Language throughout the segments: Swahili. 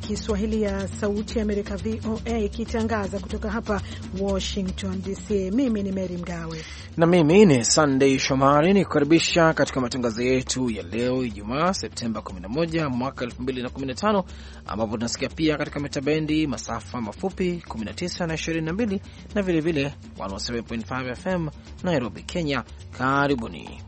Kiswahili ya Sauti ya Amerika, VOA, ikitangaza kutoka hapa Washington DC. Mimi ni Mary Mgawe na mimi ni sandey Shomari, ni kukaribisha katika matangazo yetu ya leo Ijumaa Septemba 11 mwaka 2015, ambapo tunasikia pia katika mitabendi masafa mafupi 19 na 22 na vilevile 107.5 FM Nairobi, Kenya. Karibuni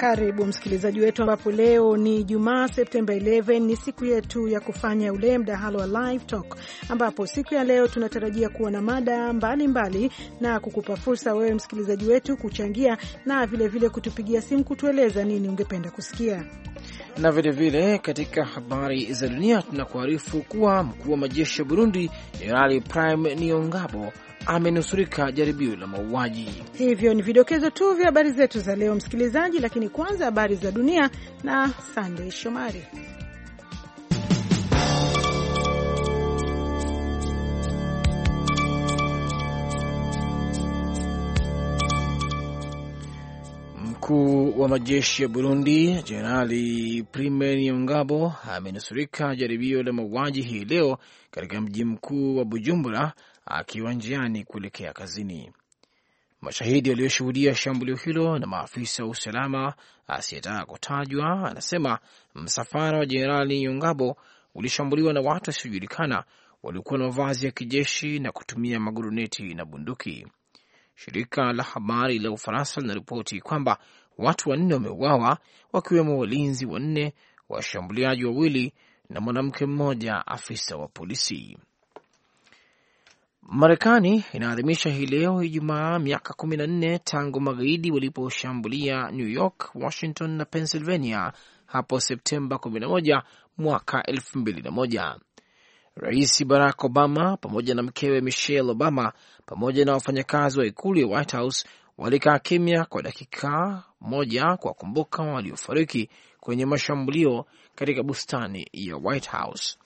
Karibu msikilizaji wetu, ambapo leo ni Jumaa Septemba 11 ni siku yetu ya kufanya ule mdahalo wa live talk, ambapo siku ya leo tunatarajia kuwa na mada mbalimbali na kukupa fursa wewe msikilizaji wetu kuchangia na vilevile vile kutupigia simu kutueleza nini ungependa kusikia. Na vilevile vile, katika habari za dunia tunakuarifu kuwa mkuu wa majeshi ya Burundi Jenerali Prime Niongabo amenusurika jaribio la mauaji. Hivyo ni vidokezo tu vya habari zetu za leo, msikilizaji, lakini kwanza habari za dunia na Sandey Shomari. Mkuu wa majeshi ya Burundi Jenerali Primeningabo amenusurika jaribio la mauaji hii leo katika mji mkuu wa Bujumbura akiwa njiani kuelekea kazini. Mashahidi walioshuhudia shambulio hilo na maafisa wa usalama asiyetaka kutajwa anasema msafara wa Jenerali Yongabo ulishambuliwa na watu wasiojulikana waliokuwa na mavazi ya kijeshi na kutumia maguruneti na bunduki. Shirika la habari la Ufaransa linaripoti kwamba watu wanne wameuawa, wakiwemo walinzi wanne, washambuliaji wawili na mwanamke mmoja, afisa wa polisi. Marekani inaadhimisha hii leo Ijumaa miaka kumi na nne tangu magaidi waliposhambulia New York, Washington na Pennsylvania hapo Septemba 11 mwaka 2001. Rais Barack Obama pamoja na mkewe Michelle Obama pamoja na wafanyakazi wa ikulu ya White House walikaa kimya kwa dakika moja kuwakumbuka waliofariki kwenye mashambulio katika bustani ya White House.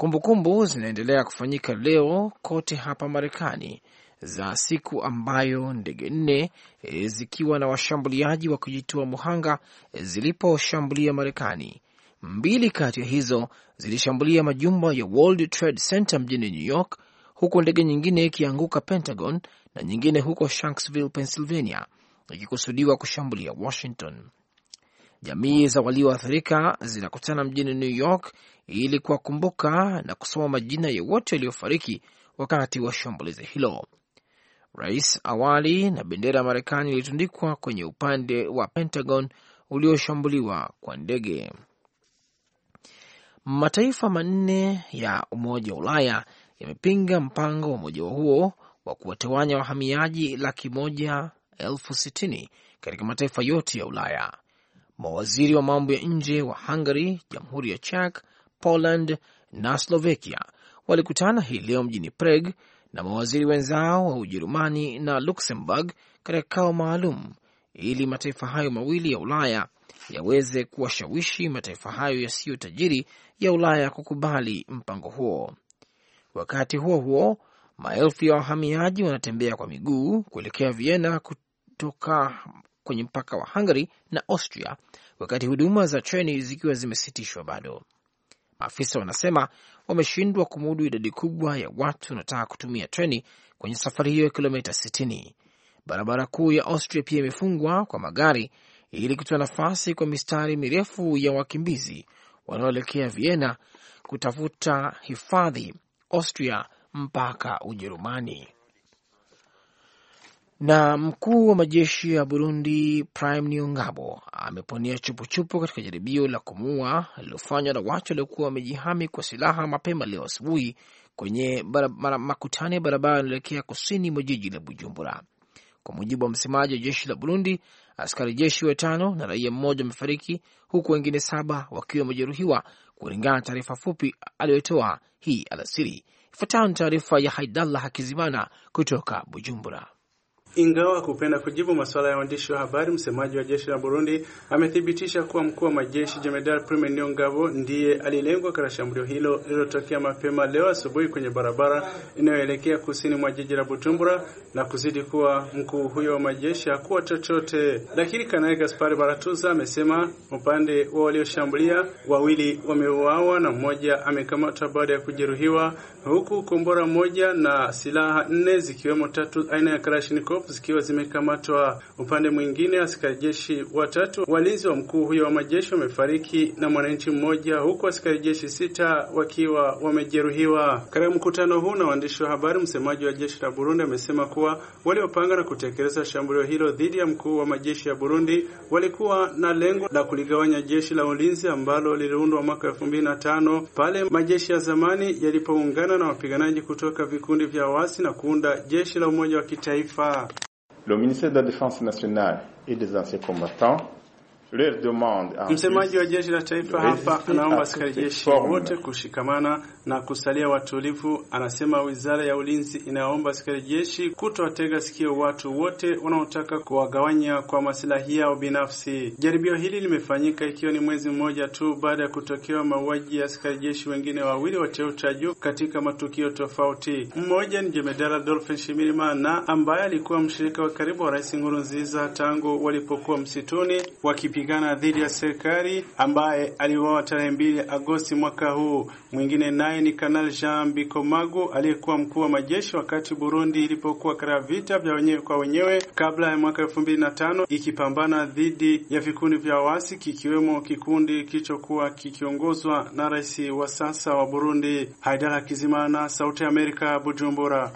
Kumbukumbu zinaendelea kufanyika leo kote hapa Marekani za siku ambayo ndege nne e, zikiwa na washambuliaji wa kujitoa muhanga e, ziliposhambulia Marekani. Mbili kati ya hizo zilishambulia majumba ya World Trade Center mjini New York, huku ndege nyingine ikianguka Pentagon na nyingine huko Shanksville, Pennsylvania, ikikusudiwa kushambulia Washington. Jamii za walioathirika zinakutana mjini New York ili kuwakumbuka na kusoma majina ya wote waliofariki wakati wa shambulizi hilo. Rais awali na bendera ya Marekani ilitundikwa kwenye upande wa Pentagon ulioshambuliwa kwa ndege. Mataifa manne ya Umoja wa Ulaya yamepinga mpango wa umoja huo wa kuwatawanya wahamiaji laki moja elfu sitini katika mataifa yote ya Ulaya mawaziri wa mambo ya nje wa Hungary, jamhuri ya Czech, Poland na Slovakia walikutana hii leo mjini Prague na mawaziri wenzao wa Ujerumani na Luxembourg katika kikao maalum ili mataifa hayo mawili ya Ulaya yaweze kuwashawishi mataifa hayo yasiyo tajiri ya Ulaya kukubali mpango huo. Wakati huo huo, maelfu ya wahamiaji wanatembea kwa miguu kuelekea Vienna kutoka kwenye mpaka wa Hungary na Austria, wakati huduma za treni zikiwa zimesitishwa bado. Maafisa wanasema wameshindwa kumudu idadi kubwa ya watu wanaotaka kutumia treni kwenye safari hiyo ya kilomita 60. Barabara kuu ya Austria pia imefungwa kwa magari ili kutoa nafasi kwa mistari mirefu ya wakimbizi wanaoelekea Vienna kutafuta hifadhi Austria mpaka Ujerumani. Na mkuu wa majeshi ya Burundi Prime Niongabo ameponea chupuchupu katika jaribio la kumuua lililofanywa na watu waliokuwa wamejihami kwa silaha mapema leo asubuhi kwenye makutano ya barabara yanaelekea kusini mwa jiji la Bujumbura. Kwa mujibu wa msemaji wa jeshi la Burundi, askari jeshi watano na raia mmoja wamefariki huku wengine saba wakiwa wamejeruhiwa, kulingana na taarifa fupi aliyotoa hii alasiri. Ifuatayo ni taarifa ya Haidallah Hakizimana kutoka Bujumbura. Ingawa kupenda kujibu masuala ya waandishi wa habari, msemaji wa jeshi la Burundi amethibitisha kuwa mkuu wa majeshi Jemedari Prime Niyongabo ndiye alilengwa katika shambulio hilo lililotokea mapema leo asubuhi kwenye barabara inayoelekea kusini mwa jiji la Bujumbura, na kuzidi kuwa mkuu huyo wa majeshi hakuwa chochote. Lakini Kanali Gaspari Baratuza amesema upande wa walioshambulia wawili wameuawa na mmoja amekamatwa baada ya kujeruhiwa, huku kombora moja na silaha nne zikiwemo tatu aina ya Kalashnikov Azov zikiwa zimekamatwa. Upande mwingine, askari jeshi watatu walinzi wa mkuu huyo wa majeshi wamefariki na mwananchi mmoja, huku askari jeshi sita wakiwa wamejeruhiwa. Katika mkutano huu na waandishi wa habari, msemaji wa jeshi la Burundi amesema kuwa waliopanga na kutekeleza shambulio hilo dhidi ya mkuu wa majeshi ya Burundi walikuwa na lengo la kuligawanya jeshi la ulinzi ambalo liliundwa mwaka tano pale majeshi ya zamani yalipoungana na wapiganaji kutoka vikundi vya wasi na kuunda jeshi la umoja wa kitaifa. Le ministère de la Défense nationale et des anciens combattants Msemaji wa jeshi la taifa hapa anaomba askari jeshi wote kushikamana na kusalia watulivu. Anasema wizara ya ulinzi inaomba askari jeshi kutowatega sikio watu wote wanaotaka kuwagawanya kwa masilahi yao binafsi. Jaribio hili limefanyika ikiwa ni mwezi mmoja tu baada ya kutokewa mauaji ya askari jeshi wengine wawili wa cheo cha juu katika matukio tofauti. Mmoja ni jemedara Dolphin Shimirimana ambaye alikuwa mshirika wa karibu wa Rais Nkurunziza tangu walipokuwa msituni waki kupigana dhidi ya serikali ambaye aliuawa tarehe mbili Agosti mwaka huu. Mwingine naye ni Kanali Jean Bikomagu aliyekuwa mkuu wa majeshi wakati Burundi ilipokuwa katika vita vya wenyewe kwa wenyewe kabla ya mwaka elfu mbili na tano ikipambana dhidi ya vikundi vya wasi kikiwemo kikundi kilichokuwa kikiongozwa na rais wa sasa wa Burundi Haidara Kizimana. Sauti ya Amerika, Bujumbura.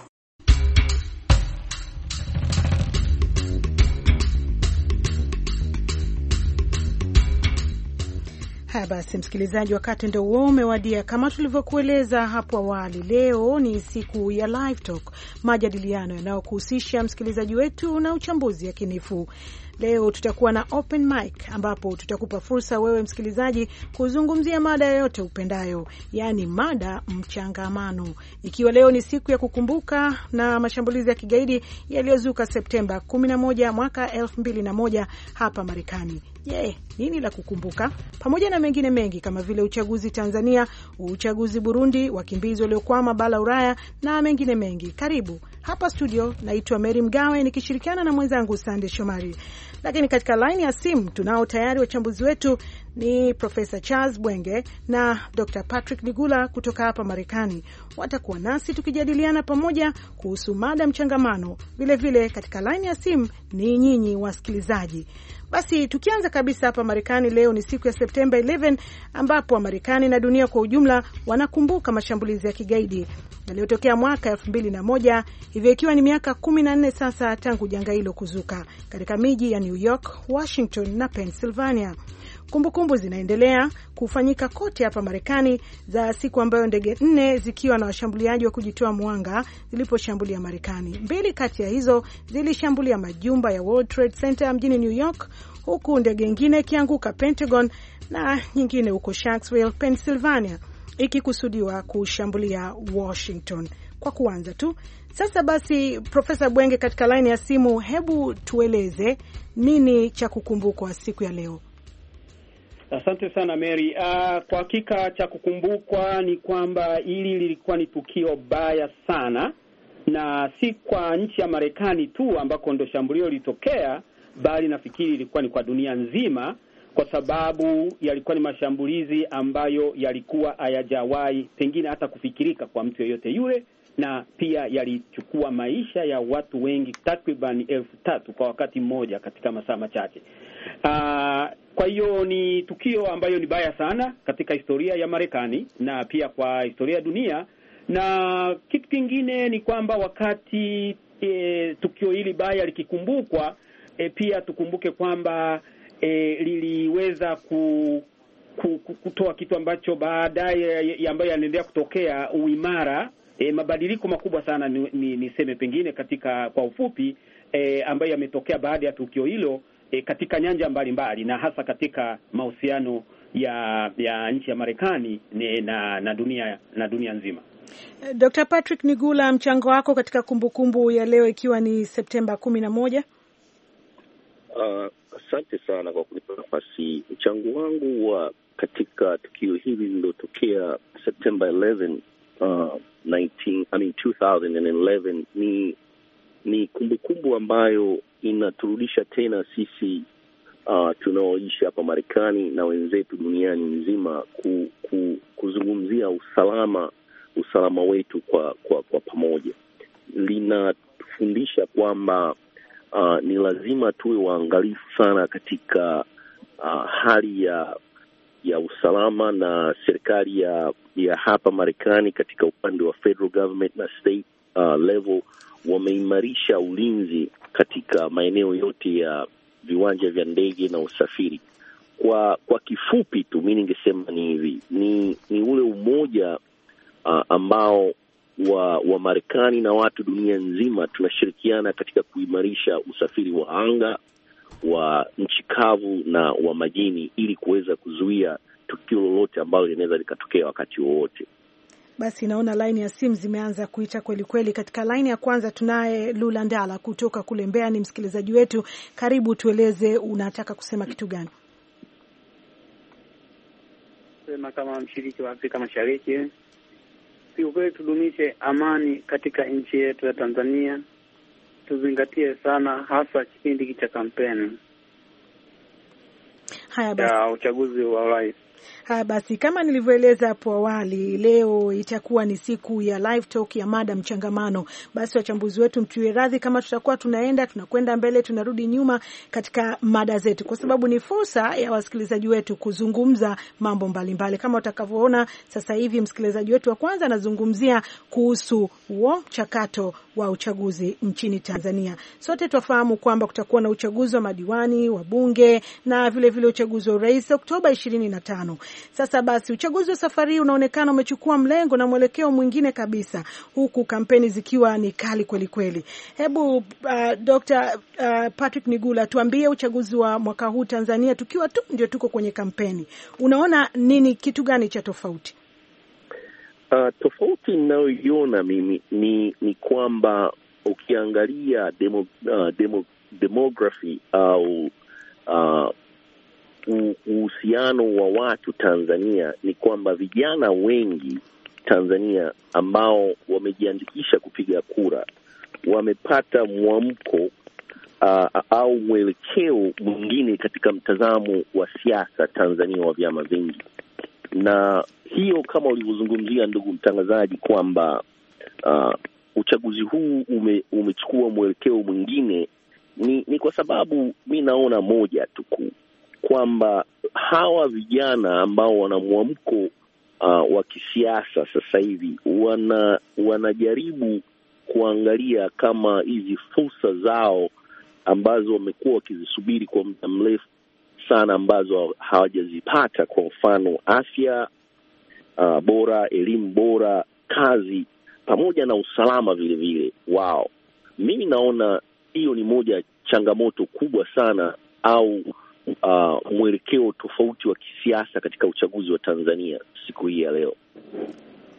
Haya basi, msikilizaji, wakati ndo huo umewadia. Kama tulivyokueleza hapo awali, leo ni siku ya Live Talk, majadiliano yanayokuhusisha msikilizaji wetu na uchambuzi yakinifu. Leo tutakuwa na open mic ambapo tutakupa fursa wewe msikilizaji kuzungumzia mada yoyote upendayo, yaani mada mchangamano. Ikiwa leo ni siku ya kukumbuka na mashambulizi ya kigaidi yaliyozuka Septemba 11 mwaka 2001 hapa Marekani. Je, yeah, nini la kukumbuka? Pamoja na mengine mengi kama vile uchaguzi Tanzania, uchaguzi Burundi, wakimbizi waliokwama bara Ulaya na mengine mengi. Karibu hapa studio naitwa Mary Mgawe nikishirikiana na mwenzangu Sande Shomari, lakini katika laini ya simu tunao tayari wachambuzi wetu ni Profesa Charles Bwenge na Dr Patrick Nigula kutoka hapa Marekani. Watakuwa nasi tukijadiliana pamoja kuhusu mada mchangamano. Vilevile katika laini ya simu ni nyinyi wasikilizaji. Basi tukianza kabisa hapa Marekani, leo ni siku ya Septemba 11 ambapo Wamarekani na dunia kwa ujumla wanakumbuka mashambulizi ya kigaidi yaliyotokea mwaka 2001, hivyo ikiwa ni miaka 14 sasa tangu janga hilo kuzuka katika miji ya New York, Washington na Pennsylvania. Kumbukumbu zinaendelea kufanyika kote hapa Marekani za siku ambayo ndege nne zikiwa na washambuliaji wa kujitoa mwanga ziliposhambulia Marekani. Mbili kati ya hizo zilishambulia majumba ya World Trade Center mjini New York, huku ndege ingine ikianguka Pentagon na nyingine huko Shanksville, Pennsylvania, ikikusudiwa kushambulia Washington kwa kuanza tu. Sasa basi, Profesa Bwenge, katika laini ya simu, hebu tueleze nini cha kukumbukwa siku ya leo? Asante sana Mary. Uh, kwa hakika cha kukumbukwa ni kwamba hili lilikuwa ni tukio baya sana, na si kwa nchi ya Marekani tu ambako ndo shambulio lilitokea, bali nafikiri ilikuwa ni kwa dunia nzima, kwa sababu yalikuwa ni mashambulizi ambayo yalikuwa hayajawahi pengine hata kufikirika kwa mtu yeyote yule, na pia yalichukua maisha ya watu wengi takriban elfu tatu kwa wakati mmoja katika masaa machache. Uh, kwa hiyo ni tukio ambayo ni baya sana katika historia ya Marekani na pia kwa historia ya dunia, na kitu kingine ni kwamba wakati e, tukio hili baya likikumbukwa, e, pia tukumbuke kwamba e, liliweza ku kutoa kitu ambacho baadaye ambayo yanaendelea kutokea uimara, e, mabadiliko makubwa sana ni, ni, pengine katika kwa ufupi e, ambayo yametokea baada ya tukio hilo e, katika nyanja mbalimbali mbali, na hasa katika mahusiano ya ya nchi ya Marekani na, na dunia na dunia nzima. Dr. Patrick Nigula, mchango wako katika kumbukumbu kumbu ya leo ikiwa ni Septemba kumi na moja. Ah, asante uh, sana kwa kunipa nafasi. Mchango wangu wa katika tukio hili lililotokea Septemba 11, uh, 19, I mean 2011 ni ni kumbukumbu ambayo inaturudisha tena sisi uh, tunaoishi hapa Marekani na wenzetu duniani nzima ku, ku, kuzungumzia usalama usalama wetu kwa kwa, kwa pamoja. Linatufundisha kwamba uh, ni lazima tuwe waangalifu sana katika uh, hali ya ya usalama na serikali ya ya hapa Marekani katika upande wa federal government na state uh, level wameimarisha ulinzi katika maeneo yote ya viwanja vya ndege na usafiri. Kwa kwa kifupi tu mi ningesema ni hivi, ni ni ule umoja uh, ambao wa marekani na watu dunia nzima tunashirikiana katika kuimarisha usafiri wa anga wa nchi kavu na wa majini ili kuweza kuzuia tukio lolote ambalo linaweza likatokea wakati wowote. Basi naona laini ya simu zimeanza kuita kweli kweli. Katika laini ya kwanza tunaye Lula Ndala kutoka kule Mbeya, ni msikilizaji wetu. Karibu, tueleze unataka kusema kitu gani? Sema kama mshiriki wa Afrika Mashariki, kiukweli tudumishe amani katika nchi yetu ya Tanzania, tuzingatie sana, hasa kipindi cha kampeni haya basi, ya uchaguzi wa rais. Haya ah, basi, kama nilivyoeleza hapo awali, leo itakuwa ni siku ya live talk ya mada mchangamano. Basi wachambuzi wetu mtuwe radhi kama tutakuwa tunaenda tunakwenda mbele tunarudi nyuma katika mada zetu, kwa sababu ni fursa ya wasikilizaji wetu kuzungumza mambo mbalimbali Kama utakavyoona sasa hivi msikilizaji wetu wa kwanza anazungumzia kuhusu huo mchakato wa uchaguzi nchini Tanzania. Sote twafahamu kwamba kutakuwa na uchaguzi wa madiwani, wa bunge na vilevile uchaguzi wa urais Oktoba ishirini na tano. Sasa basi, uchaguzi wa safari hii unaonekana umechukua mlengo na mwelekeo mwingine kabisa, huku kampeni zikiwa ni kali kweli kweli. Hebu uh, Dr. uh, Patrick Nigula, tuambie uchaguzi wa mwaka huu Tanzania, tukiwa tu ndio tuko kwenye kampeni, unaona nini, kitu gani cha tofauti? Uh, tofauti ninayoiona mimi ni ni kwamba ukiangalia demo, uh, demo, demography au uh, uhusiano wa watu Tanzania ni kwamba vijana wengi Tanzania ambao wamejiandikisha kupiga kura wamepata mwamko uh, au mwelekeo mwingine katika mtazamo wa siasa Tanzania wa vyama vingi, na hiyo kama ulivyozungumzia ndugu mtangazaji kwamba uh, uchaguzi huu ume, umechukua mwelekeo mwingine ni, ni kwa sababu mi naona moja tu kuu kwamba hawa vijana ambao wana mwamko uh, wa kisiasa sasa hivi wana wanajaribu kuangalia kama hizi fursa zao ambazo wamekuwa wakizisubiri kwa muda mrefu sana ambazo hawajazipata, kwa mfano afya uh, bora, elimu bora, kazi pamoja na usalama vilevile wao. Mimi naona hiyo ni moja changamoto kubwa sana au uh, mwelekeo tofauti wa kisiasa katika uchaguzi wa Tanzania siku hii ya leo.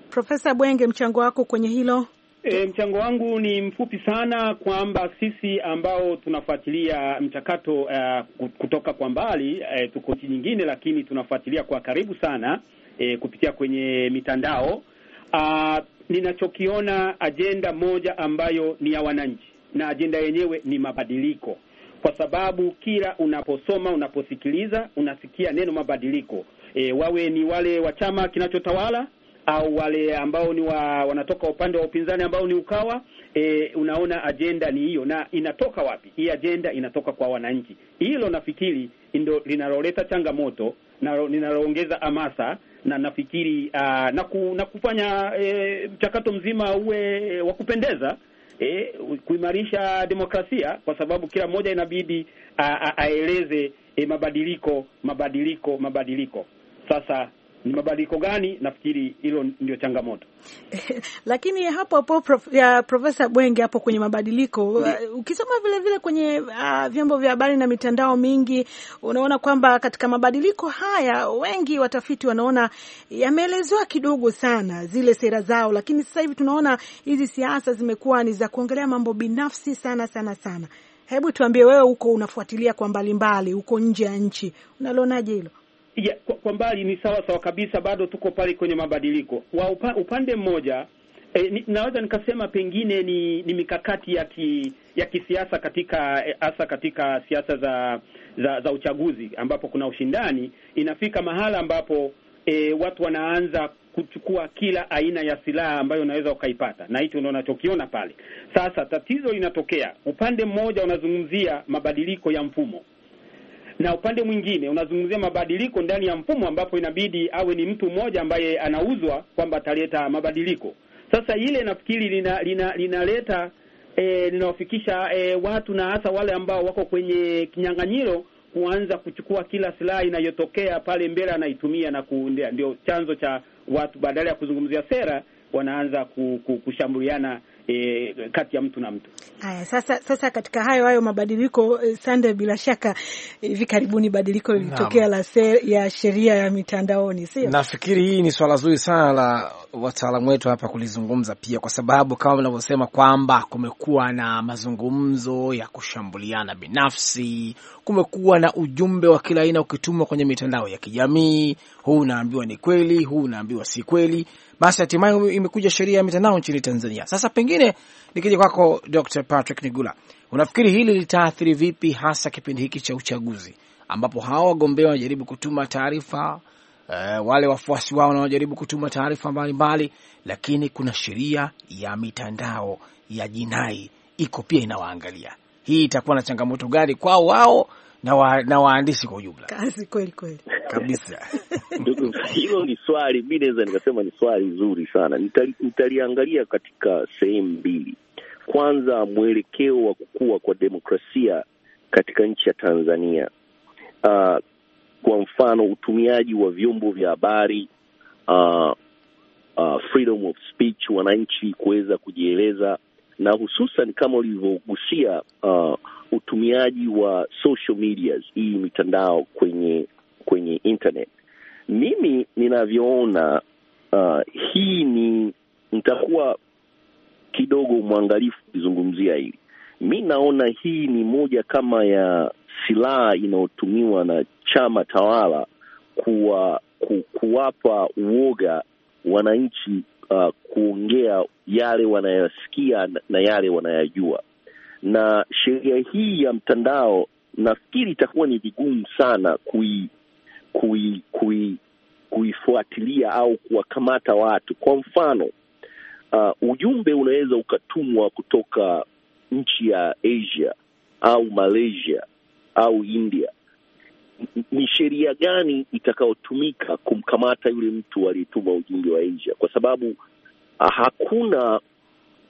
Profesa Bwenge, mchango wako kwenye hilo? E, mchango wangu ni mfupi sana kwamba sisi ambao tunafuatilia mchakato uh, kutoka kwa mbali uh, tuko nchi nyingine, lakini tunafuatilia kwa karibu sana uh, kupitia kwenye mitandao uh, ninachokiona ajenda moja ambayo ni ya wananchi na ajenda yenyewe ni mabadiliko kwa sababu kila unaposoma, unaposikiliza, unasikia neno mabadiliko e, wawe ni wale wa chama kinachotawala au wale ambao ni wa, wanatoka upande wa upinzani ambao ni Ukawa. E, unaona ajenda ni hiyo, na inatoka wapi hii ajenda? Inatoka kwa wananchi. Hilo nafikiri ndio linaloleta changamoto na linaloongeza hamasa na nafikiri uh, na, ku, na kufanya e, mchakato mzima uwe e, wa kupendeza e, kuimarisha demokrasia, kwa sababu kila mmoja inabidi aeleze e, mabadiliko mabadiliko mabadiliko. Sasa ni mabadiliko gani? Nafikiri hilo ndio changamoto lakini hapo hapo prof, Profesa Bwenge hapo kwenye mabadiliko uh, ukisoma vile vile kwenye uh, vyombo vya habari na mitandao mingi, unaona kwamba katika mabadiliko haya wengi watafiti wanaona yameelezewa kidogo sana zile sera zao, lakini sasa hivi tunaona hizi siasa zimekuwa ni za kuongelea mambo binafsi sana sana sana. Hebu tuambie wewe, huko unafuatilia kwa mbalimbali huko nje ya nchi, unalionaje hilo? ya, kwa, kwa mbali ni sawa sawa kabisa, bado tuko pale kwenye mabadiliko wa upa, upande mmoja E, naweza nikasema pengine ni, ni mikakati ya ki, ya kisiasa katika e, hasa katika siasa za, za za uchaguzi ambapo kuna ushindani, inafika mahala ambapo e, watu wanaanza kuchukua kila aina ya silaha ambayo unaweza ukaipata, na hicho ndio unachokiona pale. Sasa tatizo linatokea, upande mmoja unazungumzia mabadiliko ya mfumo na upande mwingine unazungumzia mabadiliko ndani ya mfumo, ambapo inabidi awe ni mtu mmoja ambaye anauzwa kwamba ataleta mabadiliko. Sasa ile nafikiri linaleta lina, lina e, linawafikisha e, watu na hasa wale ambao wako kwenye kinyang'anyiro kuanza kuchukua kila silaha inayotokea pale mbele anaitumia na kuendea. Ndio chanzo cha watu badala ya kuzungumzia sera wanaanza kushambuliana e, kati ya mtu na mtu. Aya, sasa sasa, katika hayo hayo mabadiliko e, Sande, bila shaka e, hivi karibuni badiliko lilitokea la ya sheria ya mitandaoni, sio? Nafikiri hii ni swala zuri sana la wataalamu wetu hapa kulizungumza pia, kwa sababu kama mnavyosema kwamba kumekuwa na mazungumzo ya kushambuliana binafsi, kumekuwa na ujumbe wa kila aina ukitumwa kwenye mitandao ya kijamii, huu unaambiwa ni kweli, huu unaambiwa si kweli basi hatimaye imekuja sheria ya mitandao nchini Tanzania. Sasa pengine nikija kwako Dr. Patrick Nigula, unafikiri hili litaathiri vipi hasa kipindi hiki cha uchaguzi ambapo hawa wagombea wanajaribu kutuma taarifa e, wale wafuasi wao wanajaribu kutuma taarifa mbalimbali, lakini kuna sheria ya mitandao ya jinai iko pia inawaangalia. Hii itakuwa na changamoto gani kwao wao na, wa, na waandishi kwa ujumla. Kazi kweli kweli kabisa. Hilo ni swali, mi naweza nikasema ni swali zuri sana. Nitaliangalia nitali katika sehemu mbili. Kwanza, mwelekeo wa kukua kwa demokrasia katika nchi ya Tanzania. Uh, kwa mfano utumiaji wa vyombo vya habari uh, uh, freedom of speech, wananchi kuweza kujieleza na hususan kama ulivyogusia uh, utumiaji wa social medias, hii mitandao kwenye kwenye internet. Mimi ninavyoona uh, hii ni nitakuwa kidogo mwangalifu kuzungumzia hili. Mi naona hii ni moja kama ya silaha inayotumiwa na chama tawala kuwa ku, kuwapa uoga wananchi uh, kuongea yale wanayosikia na yale wanayajua. Na sheria hii ya mtandao nafikiri itakuwa ni vigumu sana kui, kui, kui, kuifuatilia au kuwakamata watu. Kwa mfano uh, ujumbe unaweza ukatumwa kutoka nchi ya Asia au Malaysia au India ni sheria gani itakayotumika kumkamata yule mtu aliyetuma ujumbe wa Asia, kwa sababu ah, hakuna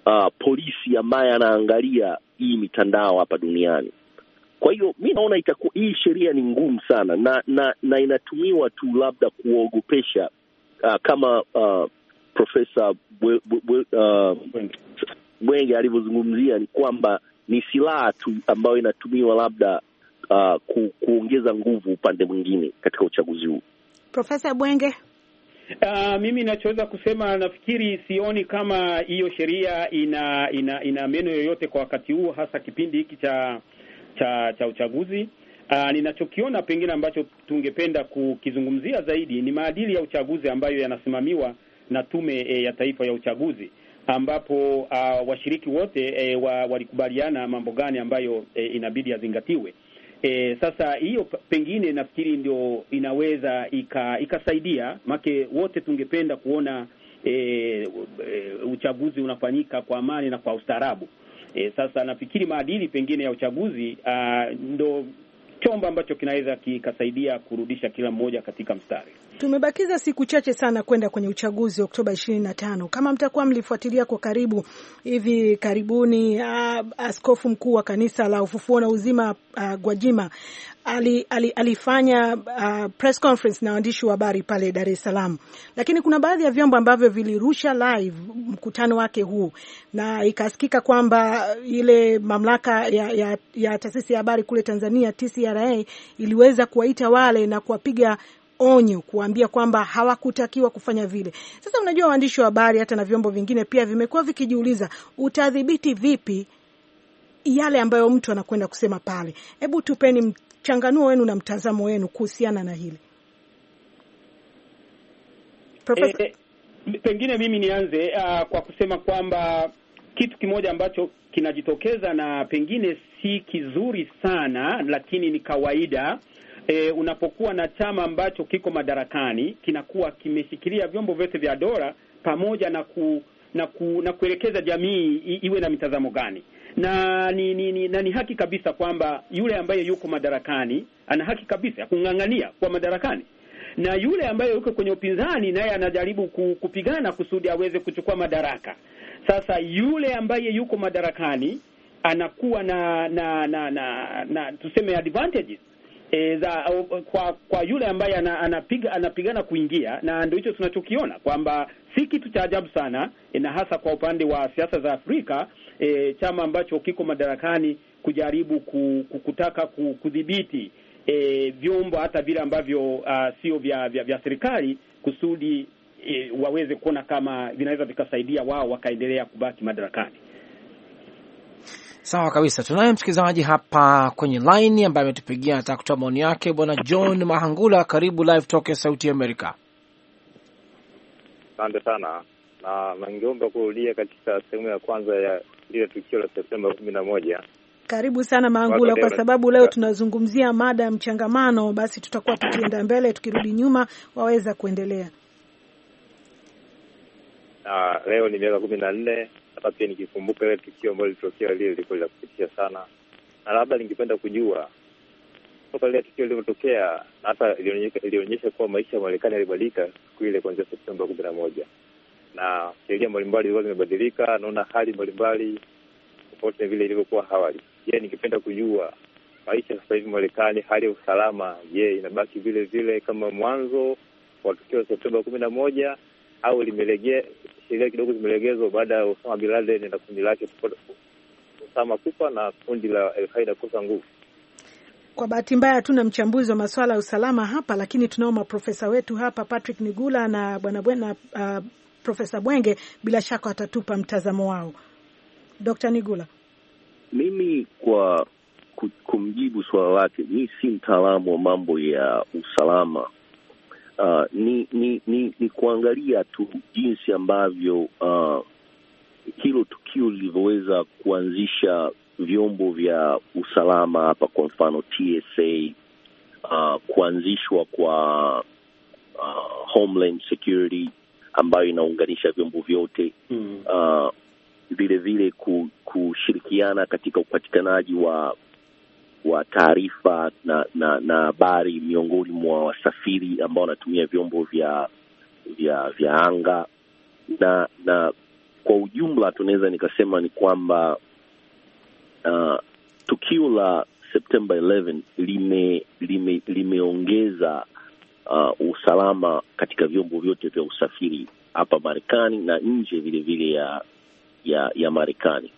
uh, polisi ambaye anaangalia hii mitandao hapa duniani. Kwa hiyo mi naona itakuwa hii sheria ni ngumu sana na na, na inatumiwa tu labda kuwaogopesha uh, ah, kama uh, Profesa Bwenge uh, alivyozungumzia ni kwamba ni silaha tu ambayo inatumiwa labda uh, ku, kuongeza nguvu upande mwingine katika uchaguzi huu. Profesa Bwenge. Uh, mimi ninachoweza kusema nafikiri sioni kama hiyo sheria ina ina ina meno yoyote kwa wakati huu, hasa kipindi hiki cha cha cha uchaguzi. Uh, ninachokiona pengine ambacho tungependa kukizungumzia zaidi ni maadili ya uchaguzi ambayo yanasimamiwa na Tume e, ya Taifa ya Uchaguzi ambapo uh, washiriki wote e, wa, walikubaliana mambo gani ambayo e, inabidi yazingatiwe. E, sasa hiyo pengine nafikiri ndio inaweza ika, ikasaidia make wote tungependa kuona e, e, uchaguzi unafanyika kwa amani na kwa ustaarabu. E, sasa nafikiri maadili pengine ya uchaguzi a, ah, ndo chombo ambacho kinaweza kikasaidia kurudisha kila mmoja katika mstari. Tumebakiza siku chache sana kwenda kwenye uchaguzi wa Oktoba 25. Kama mtakuwa mlifuatilia kwa karibu hivi karibuni, uh, askofu mkuu wa kanisa la Ufufuo na Uzima uh, Gwajima ali, ali, alifanya uh, press conference na waandishi wa habari pale Dar es Salaam, lakini kuna baadhi ya vyombo ambavyo vilirusha live mkutano wake huu na ikasikika kwamba ile mamlaka ya, ya, ya taasisi ya habari kule Tanzania TCRA iliweza kuwaita wale na kuwapiga onyo kuambia kwamba hawakutakiwa kufanya vile. Sasa unajua, waandishi wa habari hata na vyombo vingine pia vimekuwa vikijiuliza utadhibiti vipi yale ambayo mtu anakwenda kusema pale. Hebu tupeni mchanganuo wenu na mtazamo wenu kuhusiana na hili Professor... e, eh, e, eh, pengine mimi nianze uh, kwa kusema kwamba kitu kimoja ambacho kinajitokeza na pengine si kizuri sana, lakini ni kawaida e, unapokuwa na chama ambacho kiko madarakani kinakuwa kimeshikilia vyombo vyote vya dola pamoja na ku, na, ku, na kuelekeza jamii iwe na mitazamo gani na ni, ni, ni, na ni haki kabisa kwamba yule ambaye yuko madarakani ana haki kabisa ya kung'ang'ania kwa madarakani na yule ambaye yuko kwenye upinzani naye anajaribu kupigana kusudi aweze kuchukua madaraka. Sasa yule ambaye yuko madarakani anakuwa na na, na, na, na tuseme advantages e, za, kwa kwa yule ambaye anapiga anapigana kuingia, na ndio hicho tunachokiona kwamba si kitu cha ajabu sana e, na hasa kwa upande wa siasa za Afrika e, chama ambacho kiko madarakani kujaribu kutaka kudhibiti e, vyombo hata vile ambavyo uh, sio vya, vya, vya serikali kusudi e, waweze kuona kama vinaweza vikasaidia wao wakaendelea kubaki madarakani. Sawa kabisa. Tunaye msikilizaji hapa kwenye line ambaye ametupigia anataka kutoa maoni yake, bwana John Mahangula, karibu live talk ya Sauti ya Amerika. Asante sana na nangeomba kurudia katika sehemu ya kwanza ya ile tukio la Septemba kumi na moja. Karibu sana Mahangula, kwa sababu leo tunazungumzia mada ya mchangamano, basi tutakuwa tukienda mbele, tukirudi nyuma, waweza kuendelea. Na ah, leo ni miaka kumi na nne hata pia nikikumbuka ile tukio ambalo lilitokea lile lilikuwa la kupitisha sana, na labda ningependa kujua toka lile tukio lilivyotokea, hata ilionyesha kuwa maisha ya Marekani yalibadilika siku ile kuanzia Septemba kumi na moja na sheria mbalimbali zilikuwa zimebadilika. Naona hali mbalimbali tofauti na vile ilivyokuwa awali. Je, ningependa kujua maisha sasa hivi Marekani, hali ya usalama, je, inabaki vile vile kama mwanzo wa tukio Septemba kumi na moja au limelegea sheria kidogo zimelegezwa baada ya Osama bin Laden na kundi lake Osama kufa na kundi la Alqaida kukosa nguvu. Kwa bahati mbaya hatuna mchambuzi wa masuala ya usalama hapa, lakini tunao maprofesa wetu hapa, Patrick Nigula na bwana Bwena, uh, Profesa Bwenge, bila shaka watatupa mtazamo wao. Dr. Nigula, mimi kwa kumjibu suala lake, mi si mtaalamu wa mambo ya usalama uh, ni, ni ni ni kuangalia tu jinsi ambavyo uh, hilo tukio lilivyoweza kuanzisha vyombo vya usalama hapa, kwa mfano TSA, uh, kuanzishwa kwa uh, Homeland Security ambayo inaunganisha vyombo vyote vilevile mm. uh, ku, kushirikiana katika upatikanaji wa wa taarifa na na na habari miongoni mwa wasafiri ambao wanatumia vyombo vya vya vya anga na na kwa ujumla tunaweza nikasema ni kwamba uh, tukio la Septemba 11 lime lime limeongeza uh, usalama katika vyombo vyote vya usafiri hapa Marekani na nje vile vile ya ya, ya Marekani.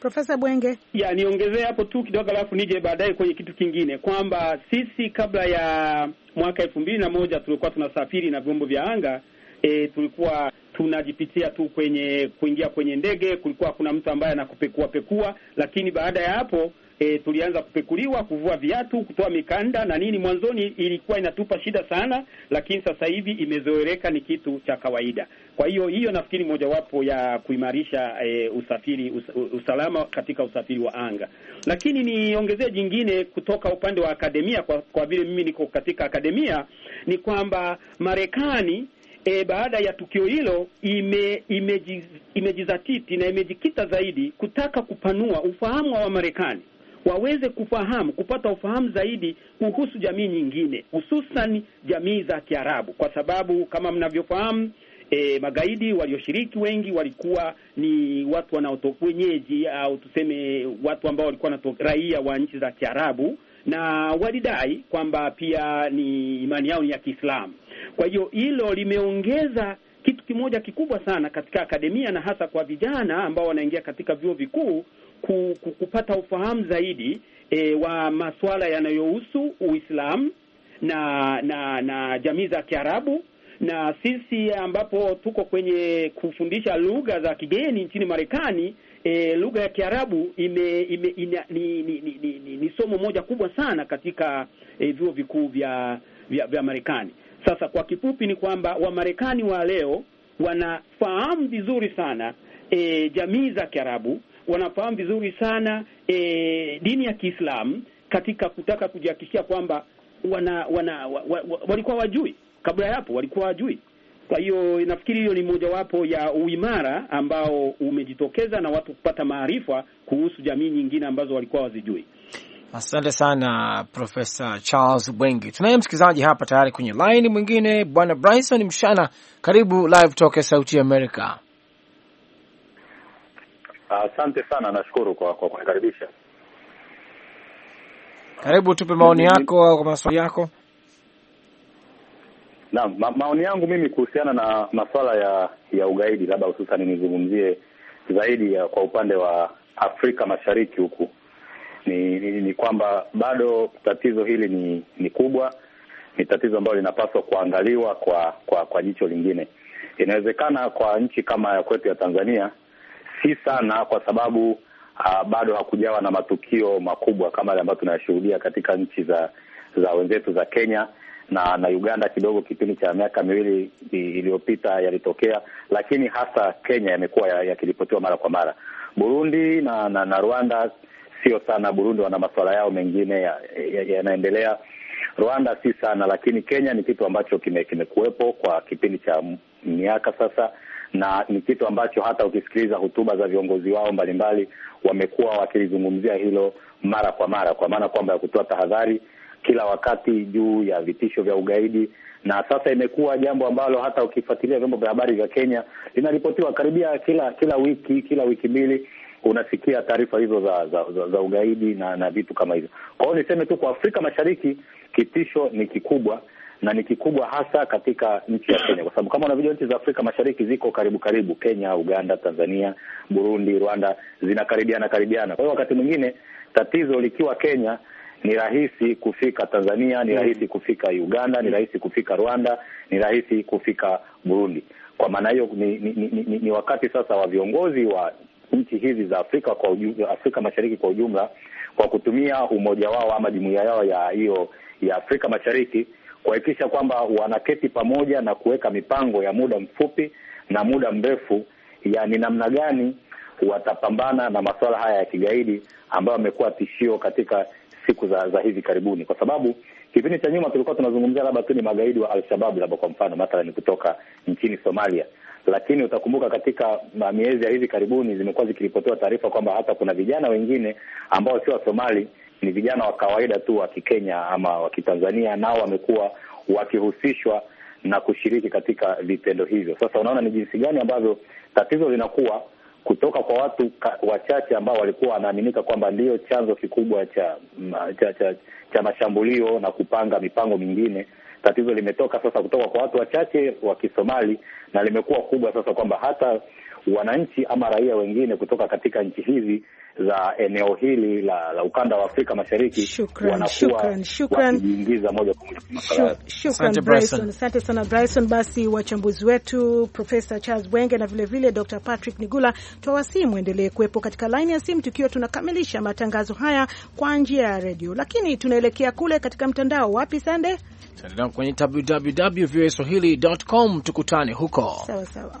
Profesa Bwenge, ya niongezee hapo tu kidogo, alafu nije baadaye kwenye kitu kingine kwamba sisi kabla ya mwaka elfu mbili na moja tulikuwa tunasafiri na vyombo vya anga e, tulikuwa tunajipitia tu kwenye kuingia kwenye ndege, kulikuwa kuna mtu ambaye anakupekua pekua, lakini baada ya hapo E, tulianza kupekuliwa, kuvua viatu, kutoa mikanda na nini. Mwanzoni ilikuwa inatupa shida sana, lakini sasa hivi imezoeleka, ni kitu cha kawaida. Kwa hiyo hiyo nafikiri mojawapo ya kuimarisha e, usafiri us, usalama katika usafiri wa anga. Lakini niongezee jingine kutoka upande wa akademia, kwa, kwa vile mimi niko katika akademia, ni kwamba Marekani E, baada ya tukio hilo ime, imejiz, imejizatiti na imejikita zaidi kutaka kupanua ufahamu wa Wamarekani waweze kufahamu kupata ufahamu zaidi kuhusu jamii nyingine, hususan jamii za Kiarabu, kwa sababu kama mnavyofahamu e, magaidi walioshiriki wengi walikuwa ni watu wanaoto wenyeji au tuseme watu ambao walikuwa wanatoka raia wa nchi za Kiarabu na walidai kwamba pia ni imani yao ni ya Kiislamu. Kwa hiyo hilo limeongeza kitu kimoja kikubwa sana katika akademia na hasa kwa vijana ambao wanaingia katika vyuo vikuu ku, ku, kupata ufahamu zaidi e, wa masuala yanayohusu Uislamu na na na jamii za Kiarabu na sisi ambapo tuko kwenye kufundisha lugha za kigeni nchini Marekani. E, lugha ya Kiarabu ime, ime, ina, ni, ni, ni, ni, ni, ni somo moja kubwa sana katika e, vyuo vikuu vya, vya, vya Marekani. Sasa kwa kifupi ni kwamba Wamarekani wa leo wanafahamu vizuri sana e, jamii za Kiarabu, wanafahamu vizuri sana e, dini ya Kiislamu katika kutaka kujihakikishia kwamba wana, wana, wa, wa, wa, walikuwa wajui kabla ya hapo walikuwa hawajui. Kwa hiyo nafikiri hiyo ni mojawapo ya uimara ambao umejitokeza na watu kupata maarifa kuhusu jamii nyingine ambazo walikuwa wazijui. Asante sana Profesa Charles Bwengi. Tunaye msikilizaji hapa tayari kwenye line mwingine, Bwana Bryson Mshana, karibu Live Talk ya Sauti ya Asante sana, nashukuru kwa kunikaribisha. Karibu tupe maoni yako au kwa maswali yako. Naam, ma maoni yangu mimi kuhusiana na masuala ya ya ugaidi, labda hususan nizungumzie zaidi ya kwa upande wa Afrika Mashariki huku ni, ni, ni kwamba bado tatizo hili ni ni kubwa, ni tatizo ambalo linapaswa kuangaliwa kwa kwa kwa jicho lingine. Inawezekana kwa nchi kama ya kwetu ya Tanzania si sana, kwa sababu uh, bado hakujawa na matukio makubwa kama yale ambayo tunayashuhudia katika nchi za za wenzetu za Kenya na na Uganda kidogo kipindi cha miaka miwili iliyopita yalitokea, lakini hasa Kenya yamekuwa yakiripotiwa ya mara kwa mara. Burundi na, na, na Rwanda sio sana. Burundi wana masuala yao mengine yanaendelea ya, ya Rwanda si sana, lakini Kenya ni kitu ambacho kimekuwepo kime kwa kipindi cha miaka sasa, na ni kitu ambacho hata ukisikiliza hotuba za viongozi wao mbalimbali wamekuwa wakilizungumzia hilo mara kwa mara, kwa maana kwamba ya kutoa tahadhari kila wakati juu ya vitisho vya ugaidi, na sasa imekuwa jambo ambalo hata ukifuatilia vyombo vya habari vya Kenya linaripotiwa karibia kila kila wiki, kila wiki mbili unasikia taarifa hizo za za, za za ugaidi na na vitu kama hivyo. Kwa hiyo niseme tu kwa Afrika Mashariki kitisho ni kikubwa na ni kikubwa hasa katika nchi ya Kenya, kwa sababu kama unavyojua nchi za Afrika Mashariki ziko karibu karibu: Kenya, Uganda, Tanzania, Burundi, Rwanda, zinakaribiana karibiana. Kwa hiyo wakati mwingine tatizo likiwa Kenya ni rahisi kufika Tanzania, ni mm. rahisi kufika Uganda, ni mm. rahisi kufika Rwanda, ni rahisi kufika Burundi. Kwa maana hiyo ni, ni, ni, ni, ni wakati sasa wa viongozi wa nchi hizi za Afrika kwa ujumla, Afrika Mashariki kwa ujumla, kwa kutumia umoja wao ama jumuiya yao ya hiyo ya Afrika Mashariki kuhakikisha kwamba wanaketi pamoja na kuweka mipango ya muda mfupi na muda mrefu ya ni namna gani watapambana na masuala haya ya kigaidi ambayo amekuwa tishio katika siku za, za hivi karibuni, kwa sababu kipindi cha nyuma tulikuwa tunazungumzia labda tu ni magaidi wa Alshababu, labda kwa mfano mathalani kutoka nchini Somalia, lakini utakumbuka katika miezi ya hivi karibuni zimekuwa zikiripotiwa taarifa kwamba hata kuna vijana wengine ambao sio Wasomali, ni vijana wa kawaida tu wa Kikenya ama wa Kitanzania, nao wamekuwa wakihusishwa na kushiriki katika vitendo hivyo. Sasa unaona ni jinsi gani ambavyo tatizo linakuwa kutoka kwa watu wachache ambao walikuwa wanaaminika kwamba ndiyo chanzo kikubwa cha, cha, cha, cha mashambulio na kupanga mipango mingine. Tatizo limetoka sasa kutoka kwa watu wachache wa Kisomali na limekuwa kubwa sasa kwamba hata wananchi ama raia wengine kutoka katika nchi hizi za eneo hili la, la ukanda wa Afrika Mashariki wanakuwa moja kwa moja. Shukran Bryson, asante sana Bryson. Basi wachambuzi wetu Profesa Charles Wenge na vilevile Dr Patrick Nigula, twawasii mwendelee kuwepo katika laini ya simu tukiwa tunakamilisha matangazo haya kwa njia ya redio, lakini tunaelekea kule katika mtandao. Wapi Sande? Kwenye www tukutane huko. Sawa sawa.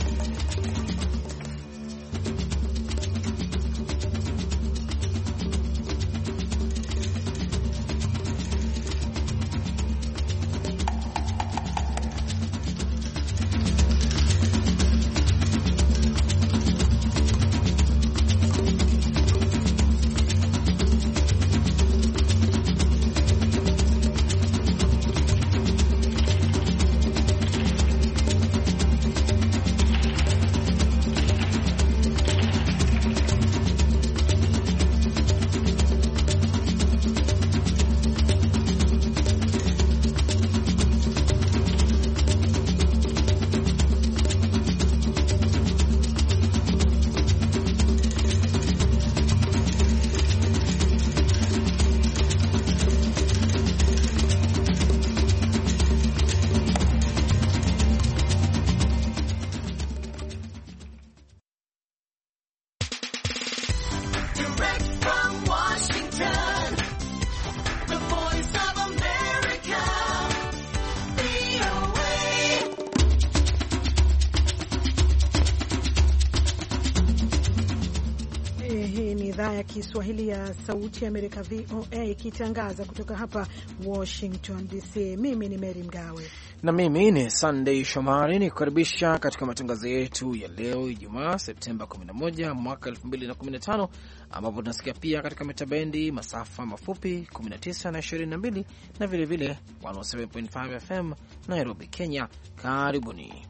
idhaa ya Kiswahili ya Sauti ya Amerika, VOA, ikitangaza kutoka hapa Washington DC. Mimi ni Mary Mgawe na mimi ni Sandei Shomari, ni kukaribisha katika matangazo yetu ya leo Ijumaa Septemba 11 mwaka 2015, ambapo tunasikia pia katika mitabendi masafa mafupi 19 na 22 na vilevile 107.5 FM Nairobi, Kenya. Karibuni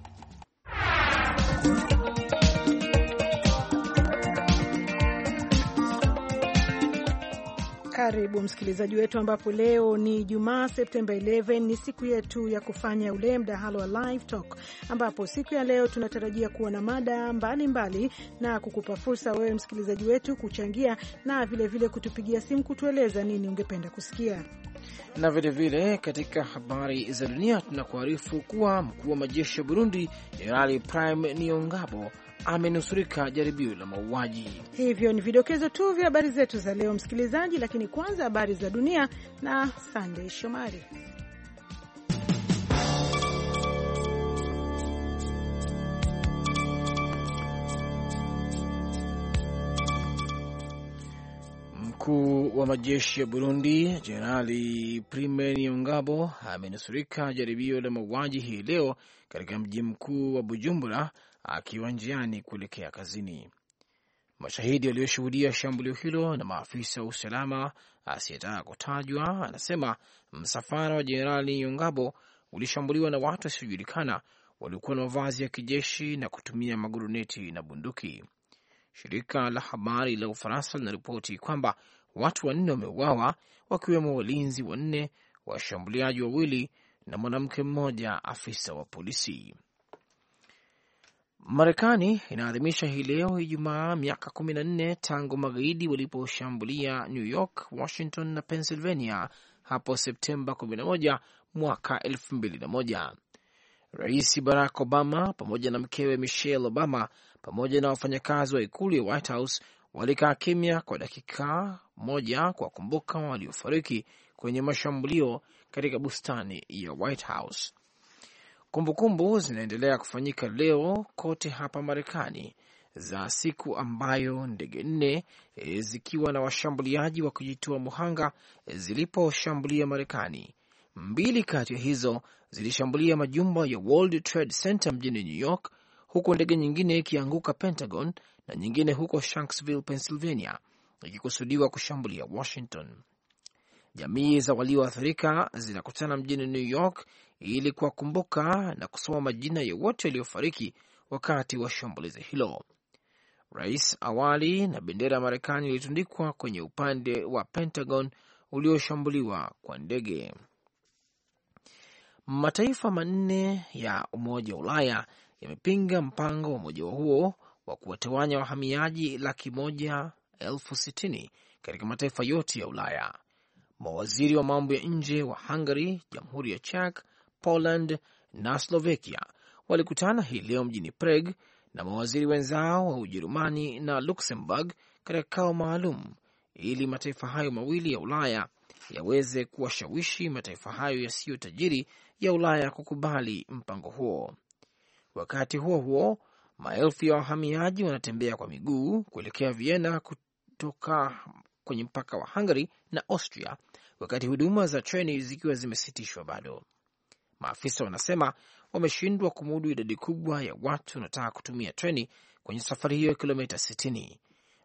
Karibu msikilizaji wetu, ambapo leo ni Jumaa Septemba 11 ni siku yetu ya kufanya ule mdahalo wa live talk, ambapo siku ya leo tunatarajia kuwa na mada mbalimbali mbali, na kukupa fursa wewe msikilizaji wetu kuchangia na vilevile vile kutupigia simu kutueleza nini ungependa kusikia. Na vilevile vile, katika habari za dunia tunakuarifu kuwa mkuu wa majeshi ya Burundi Jenerali Prime Niongabo amenusurika jaribio la mauaji. Hivyo ni vidokezo tu vya habari zetu za leo, msikilizaji, lakini kwanza habari za dunia na Sandey Shomari. Mkuu wa majeshi ya Burundi Jenerali Prime Niyongabo amenusurika jaribio la mauaji hii leo katika mji mkuu wa Bujumbura akiwa njiani kuelekea kazini. Mashahidi walioshuhudia shambulio hilo na maafisa wa usalama asiyetaka kutajwa anasema msafara wa Jenerali Yongabo ulishambuliwa na watu wasiojulikana waliokuwa na mavazi ya kijeshi na kutumia maguruneti na bunduki. Shirika la habari la Ufaransa linaripoti kwamba watu wanne wameuawa, wakiwemo walinzi wanne, washambuliaji wawili na mwanamke mmoja, afisa wa polisi. Marekani inaadhimisha hii leo Ijumaa miaka kumi na nne tangu magaidi waliposhambulia New York, Washington na Pennsylvania hapo Septemba 11 mwaka 2001. Rais Barack Obama pamoja na mkewe Michelle Obama pamoja na wafanyakazi wa ikulu ya White House walikaa kimya kwa dakika moja kuwakumbuka waliofariki kwenye mashambulio katika bustani ya White House. Kumbukumbu zinaendelea kufanyika leo kote hapa Marekani za siku ambayo ndege nne e, zikiwa na washambuliaji wa kujitoa muhanga e, ziliposhambulia Marekani. Mbili kati ya hizo zilishambulia majumba ya World Trade Center mjini New York, huku ndege nyingine ikianguka Pentagon na nyingine huko Shanksville, Pennsylvania, ikikusudiwa kushambulia Washington. Jamii za walioathirika zinakutana mjini New York ili kuwakumbuka na kusoma majina ya wote waliofariki wakati wa shambulizi hilo. Rais awali na bendera ya Marekani ilitundikwa kwenye upande wa Pentagon ulioshambuliwa kwa ndege. Mataifa manne ya Umoja wa Ulaya yamepinga mpango wa umoja huo wa kuwatawanya wahamiaji laki moja elfu sitini katika mataifa yote ya Ulaya. Mawaziri wa mambo ya nje wa Hungary, jamhuri ya Czech Poland na Slovakia walikutana hii leo mjini Prague na mawaziri wenzao wa Ujerumani na Luxembourg katika kikao maalum ili mataifa hayo mawili ya Ulaya yaweze kuwashawishi mataifa hayo yasiyo tajiri ya Ulaya kukubali mpango huo. Wakati huo huo, maelfu ya wahamiaji wanatembea kwa miguu kuelekea Vienna kutoka kwenye mpaka wa Hungary na Austria, wakati huduma za treni zikiwa zimesitishwa bado maafisa wanasema wameshindwa kumudu idadi kubwa ya watu wanaotaka kutumia treni kwenye safari hiyo ya kilomita 60.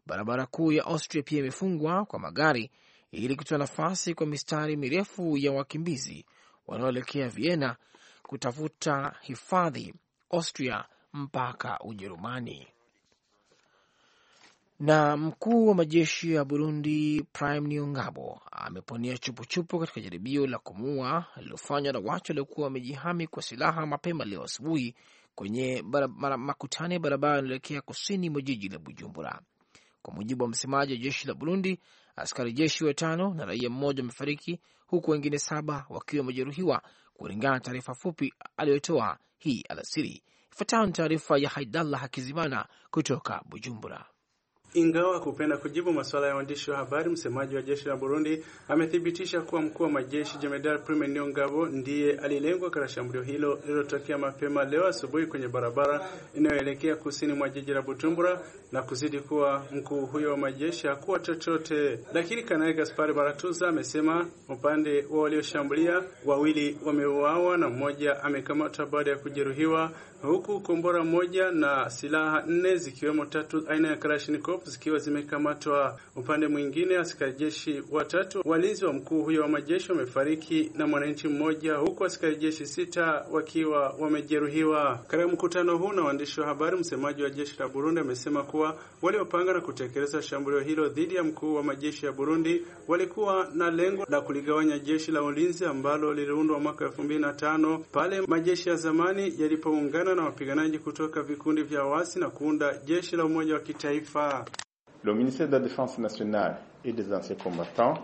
Barabara kuu ya Austria pia imefungwa kwa magari ili kutoa nafasi kwa mistari mirefu ya wakimbizi wanaoelekea Vienna kutafuta hifadhi Austria mpaka Ujerumani. Na mkuu wa majeshi ya Burundi Prime Niongabo ameponea chupuchupu katika jaribio la kumuua lililofanywa na watu waliokuwa wamejihami kwa silaha mapema leo asubuhi kwenye makutano ya barabara yanaelekea kusini mwa jiji la Bujumbura. Kwa mujibu wa msemaji wa jeshi la Burundi, askari jeshi watano na raia mmoja wamefariki huku wengine saba wakiwa wamejeruhiwa, kulingana na taarifa fupi aliyotoa hii alasiri. Ifuatayo ni taarifa ya Haidallah Hakizimana kutoka Bujumbura. Ingawa kupenda kujibu masuala ya waandishi wa habari, msemaji wa jeshi la Burundi amethibitisha kuwa mkuu wa majeshi Jemedari Prime Niyongabo ndiye alilengwa katika shambulio hilo lililotokea mapema leo asubuhi kwenye barabara inayoelekea kusini mwa jiji la butumbura na kuzidi kuwa mkuu huyo wa majeshi hakuwa chochote. Lakini Kanali Gaspari Baratuza amesema upande wa walioshambulia wawili wameuawa na mmoja amekamatwa baada ya kujeruhiwa, huku kombora moja na silaha nne zikiwemo tatu aina ya Kalashnikov zikiwa zimekamatwa. Upande mwingine, askari jeshi watatu walinzi wa mkuu huyo wa majeshi wamefariki na mwananchi mmoja, huku askari jeshi sita wakiwa wamejeruhiwa. Katika mkutano huu na waandishi wa habari, msemaji wa jeshi la Burundi amesema kuwa waliopanga na kutekeleza shambulio hilo dhidi ya mkuu wa majeshi ya Burundi walikuwa na lengo la kuligawanya jeshi la ulinzi ambalo liliundwa mwaka elfu mbili na tano pale majeshi ya zamani yalipoungana na wapiganaji kutoka vikundi vya wasi na kuunda jeshi la umoja wa kitaifa. le ministère de la Défense nationale et des anciens combattants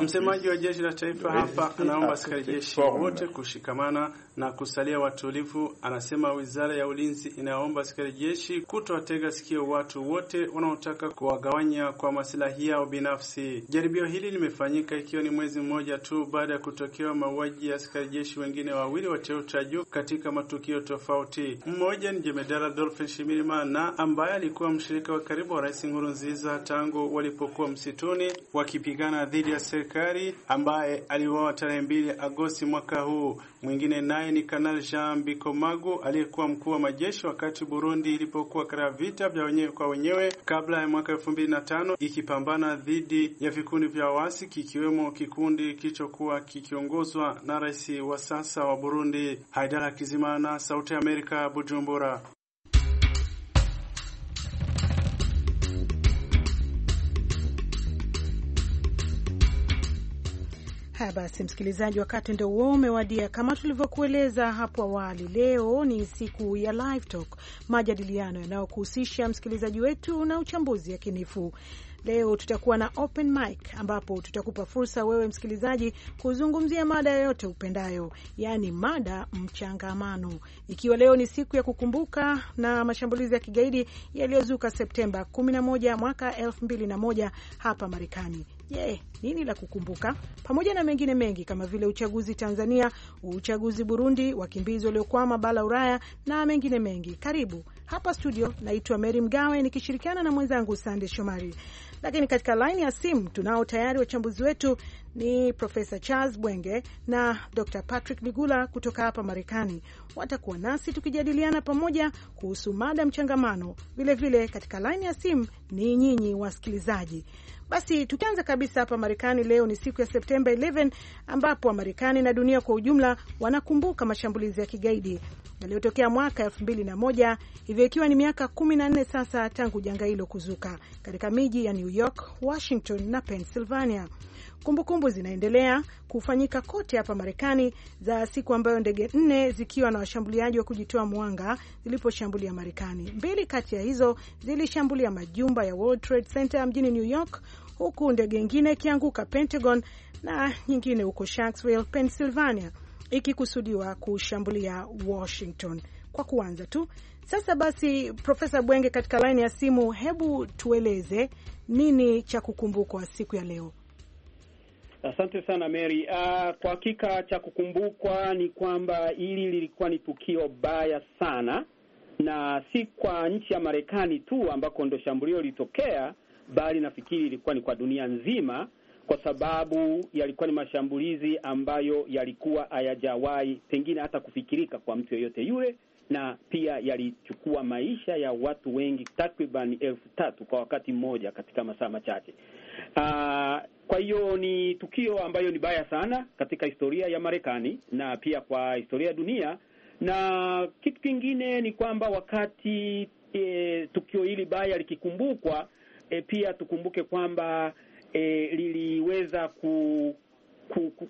Msemaji wa jeshi la taifa hapa anaomba askari jeshi wote kushikamana na kusalia watulivu. Anasema wizara ya ulinzi inaomba askari jeshi kutowatega sikio watu wote wanaotaka kuwagawanya kwa masilahi yao binafsi. Jaribio hili limefanyika ikiwa ni mwezi mmoja tu baada ya kutokewa mauaji ya askari jeshi wengine wawili wa cheo cha juu katika matukio tofauti. Mmoja ni jemedara Dolphin Shimirimana ambaye alikuwa mshirika wa karibu wa Rais Nkurunziza tangu walipokuwa msituni wakipi kupigana dhidi ya serikali ambaye aliuawa tarehe mbili Agosti mwaka huu. Mwingine naye ni kanal Jean Bikomagu aliyekuwa mkuu wa majeshi wakati Burundi ilipokuwa katika vita vya wenyewe kwa wenyewe kabla ya mwaka elfu mbili na tano ikipambana dhidi ya vikundi vya wasi kikiwemo kikundi kilichokuwa kikiongozwa na rais wa sasa wa Burundi Haidara Kizimana. Sauti ya Amerika, Bujumbura. Haya basi, msikilizaji, wakati ndio huo umewadia. Kama tulivyokueleza hapo awali, leo ni siku ya Live Talk, majadiliano yanayokuhusisha msikilizaji wetu na uchambuzi yakinifu. Leo tutakuwa na open mic ambapo tutakupa fursa wewe msikilizaji kuzungumzia mada yoyote upendayo, yaani mada mchangamano. Ikiwa leo ni siku ya kukumbuka na mashambulizi ya kigaidi yaliyozuka Septemba 11 mwaka 2001 hapa Marekani. Je, nini la kukumbuka? Pamoja na mengine mengi kama vile uchaguzi Tanzania, uchaguzi Burundi, wakimbizi waliokwama bara Ulaya na mengine mengi. Karibu hapa studio, naitwa Mary Mgawe nikishirikiana na mwenzangu Sande Shomari. Lakini katika laini ya simu tunao tayari wachambuzi wetu ni Profesa Charles Bwenge na Dr Patrick Migula kutoka hapa Marekani. Watakuwa nasi tukijadiliana pamoja kuhusu mada mchangamano. Vilevile vile katika laini ya simu ni nyinyi wasikilizaji. Basi tukianza kabisa hapa Marekani, leo ni siku ya Septemba 11 ambapo Wamarekani na dunia kwa ujumla wanakumbuka mashambulizi ya kigaidi yaliyotokea mwaka 2001, hivyo ikiwa ni miaka 14 sasa tangu janga hilo kuzuka katika miji ya New York, Washington na Pennsylvania. Kumbukumbu kumbu zinaendelea kufanyika kote hapa Marekani za siku ambayo ndege nne zikiwa na washambuliaji wa kujitoa mwanga ziliposhambulia Marekani. Mbili kati ya hizo zilishambulia majumba ya World Trade Center mjini New York, huku ndege ingine ikianguka Pentagon na nyingine huko Shanksville, Pennsylvania, ikikusudiwa kushambulia Washington. Kwa kuanza tu sasa basi, Profesa Bwenge, katika laini ya simu, hebu tueleze nini cha kukumbukwa siku ya leo? Asante sana Mary. Uh, kwa hakika cha kukumbukwa ni kwamba hili lilikuwa ni tukio baya sana, na si kwa nchi ya Marekani tu ambako ndo shambulio lilitokea, bali nafikiri ilikuwa ni kwa dunia nzima, kwa sababu yalikuwa ni mashambulizi ambayo yalikuwa hayajawahi pengine hata kufikirika kwa mtu yeyote yule, na pia yalichukua maisha ya watu wengi takriban elfu tatu kwa wakati mmoja katika masaa machache. Uh, kwa hiyo ni tukio ambayo ni baya sana katika historia ya Marekani na pia kwa historia ya dunia. Na kitu kingine ni kwamba wakati e, tukio hili baya likikumbukwa, e, pia tukumbuke kwamba e, liliweza ku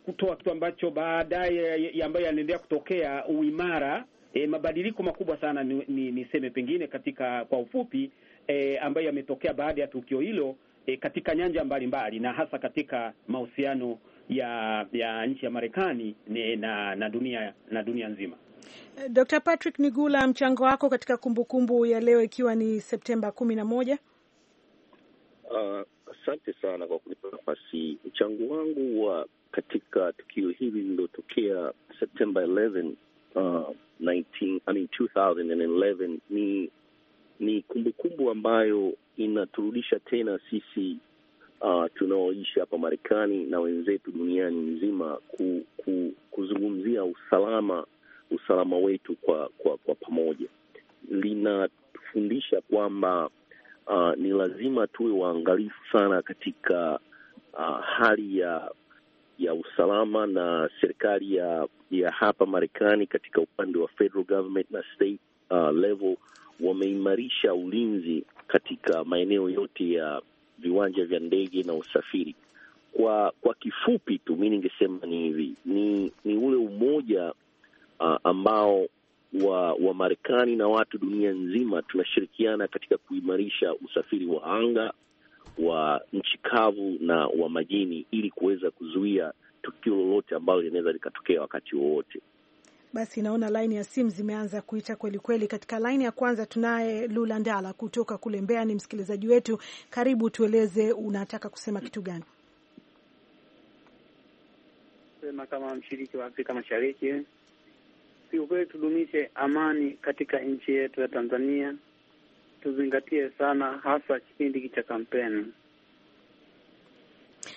kutoa kitu ambacho baadaye ambayo yanaendelea kutokea uimara, e, mabadiliko makubwa sana ni, ni, niseme pengine katika kwa ufupi e, ambayo yametokea baada ya tukio hilo e, katika nyanja mbalimbali mbali, na hasa katika mahusiano ya ya nchi ya Marekani na, na dunia na dunia nzima. Eh, Dr. Patrick Nigula, mchango wako katika kumbukumbu kumbu ya leo ikiwa ni Septemba kumi na moja. Ah, asante uh, sana kwa kunipa nafasi. Mchango wangu wa katika tukio hili lililotokea Septemba 11, uh, 19, I mean 2011 ni ni kumbukumbu kumbu ambayo inaturudisha tena sisi uh, tunaoishi hapa Marekani na wenzetu duniani nzima ku, ku, kuzungumzia usalama usalama wetu kwa kwa, kwa pamoja. Linatufundisha kwamba uh, ni lazima tuwe waangalifu sana katika uh, hali ya ya usalama na serikali ya ya hapa Marekani katika upande wa federal government na state uh, level wameimarisha ulinzi katika maeneo yote ya viwanja vya ndege na usafiri. Kwa kwa kifupi tu, mi ningesema ni hivi, ni ni ule umoja uh, ambao wa wa Marekani na watu dunia nzima tunashirikiana katika kuimarisha usafiri wa anga wa nchi kavu na wa majini ili kuweza kuzuia tukio lolote ambalo linaweza likatokea wakati wowote. Basi naona laini ya simu zimeanza kuita kweli kweli. Katika laini ya kwanza tunaye Lula Ndala kutoka kule Mbeya, ni msikilizaji wetu. Karibu, tueleze unataka kusema kitu gani? Sema kama mshiriki wa Afrika Mashariki, si ukweli, tudumishe amani katika nchi yetu ya Tanzania, tuzingatie sana, hasa kipindi cha kampeni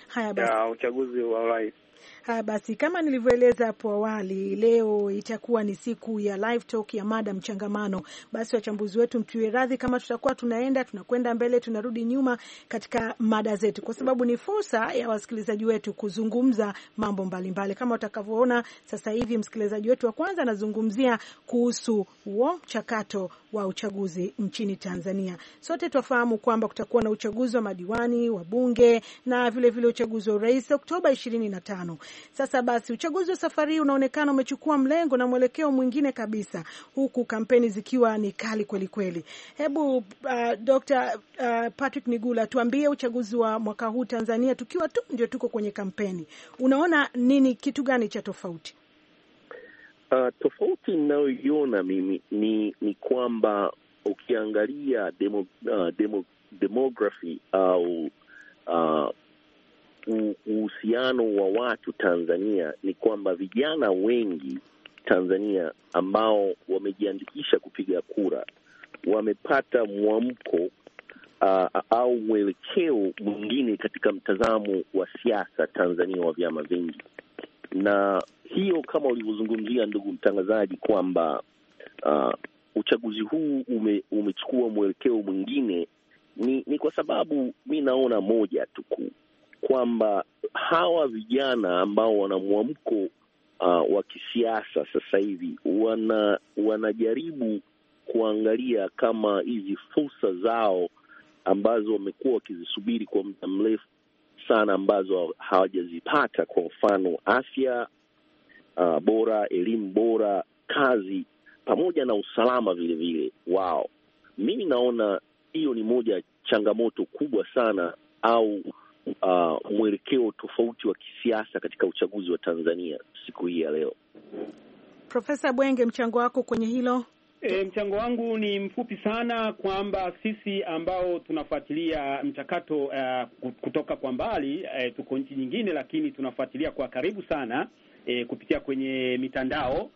haya basi, ya uchaguzi wa urais. Ha, ah, basi kama nilivyoeleza hapo awali, leo itakuwa ni siku ya live talk ya mada mchangamano. Basi wachambuzi wetu mtuwe radhi kama tutakuwa tunaenda tunakwenda mbele tunarudi nyuma katika mada zetu, kwa sababu ni fursa ya wasikilizaji wetu kuzungumza mambo mbalimbali mbali. Kama utakavyoona sasa hivi msikilizaji wetu wa kwanza anazungumzia kuhusu huo mchakato wa uchaguzi nchini Tanzania. Sote twafahamu kwamba kutakuwa na uchaguzi wa madiwani, wa bunge na vilevile vile uchaguzi wa urais Oktoba ishirini na tano. Sasa basi, uchaguzi wa safari unaonekana umechukua mlengo na mwelekeo mwingine kabisa, huku kampeni zikiwa ni kali kwelikweli. Hebu uh, Dr. uh, Patrick Nigula, tuambie uchaguzi wa mwaka huu Tanzania, tukiwa tu ndio tuko kwenye kampeni, unaona nini, kitu gani cha tofauti? Uh, tofauti ninayoiona mimi ni ni kwamba ukiangalia demo, uh, demo, demography au uh, uhusiano wa watu Tanzania ni kwamba vijana wengi Tanzania ambao wamejiandikisha kupiga kura wamepata mwamko uh, au mwelekeo mwingine katika mtazamo wa siasa Tanzania wa vyama vingi na hiyo kama ulivyozungumzia ndugu mtangazaji, kwamba uh, uchaguzi huu ume, umechukua mwelekeo mwingine, ni, ni kwa sababu mi naona moja tu kuu kwamba hawa vijana ambao wana mwamko uh, wa kisiasa sasa hivi wana wanajaribu kuangalia kama hizi fursa zao ambazo wamekuwa wakizisubiri kwa muda mrefu sana ambazo hawajazipata, kwa mfano afya uh, bora, elimu bora, kazi pamoja na usalama vilevile wao. Mimi naona hiyo ni moja changamoto kubwa sana au uh, mwelekeo tofauti wa kisiasa katika uchaguzi wa Tanzania siku hii ya leo. Profesa Bwenge, mchango wako kwenye hilo? E, mchango wangu ni mfupi sana kwamba sisi ambao tunafuatilia mchakato uh, kutoka kwa mbali uh, tuko nchi nyingine, lakini tunafuatilia kwa karibu sana uh, kupitia kwenye mitandao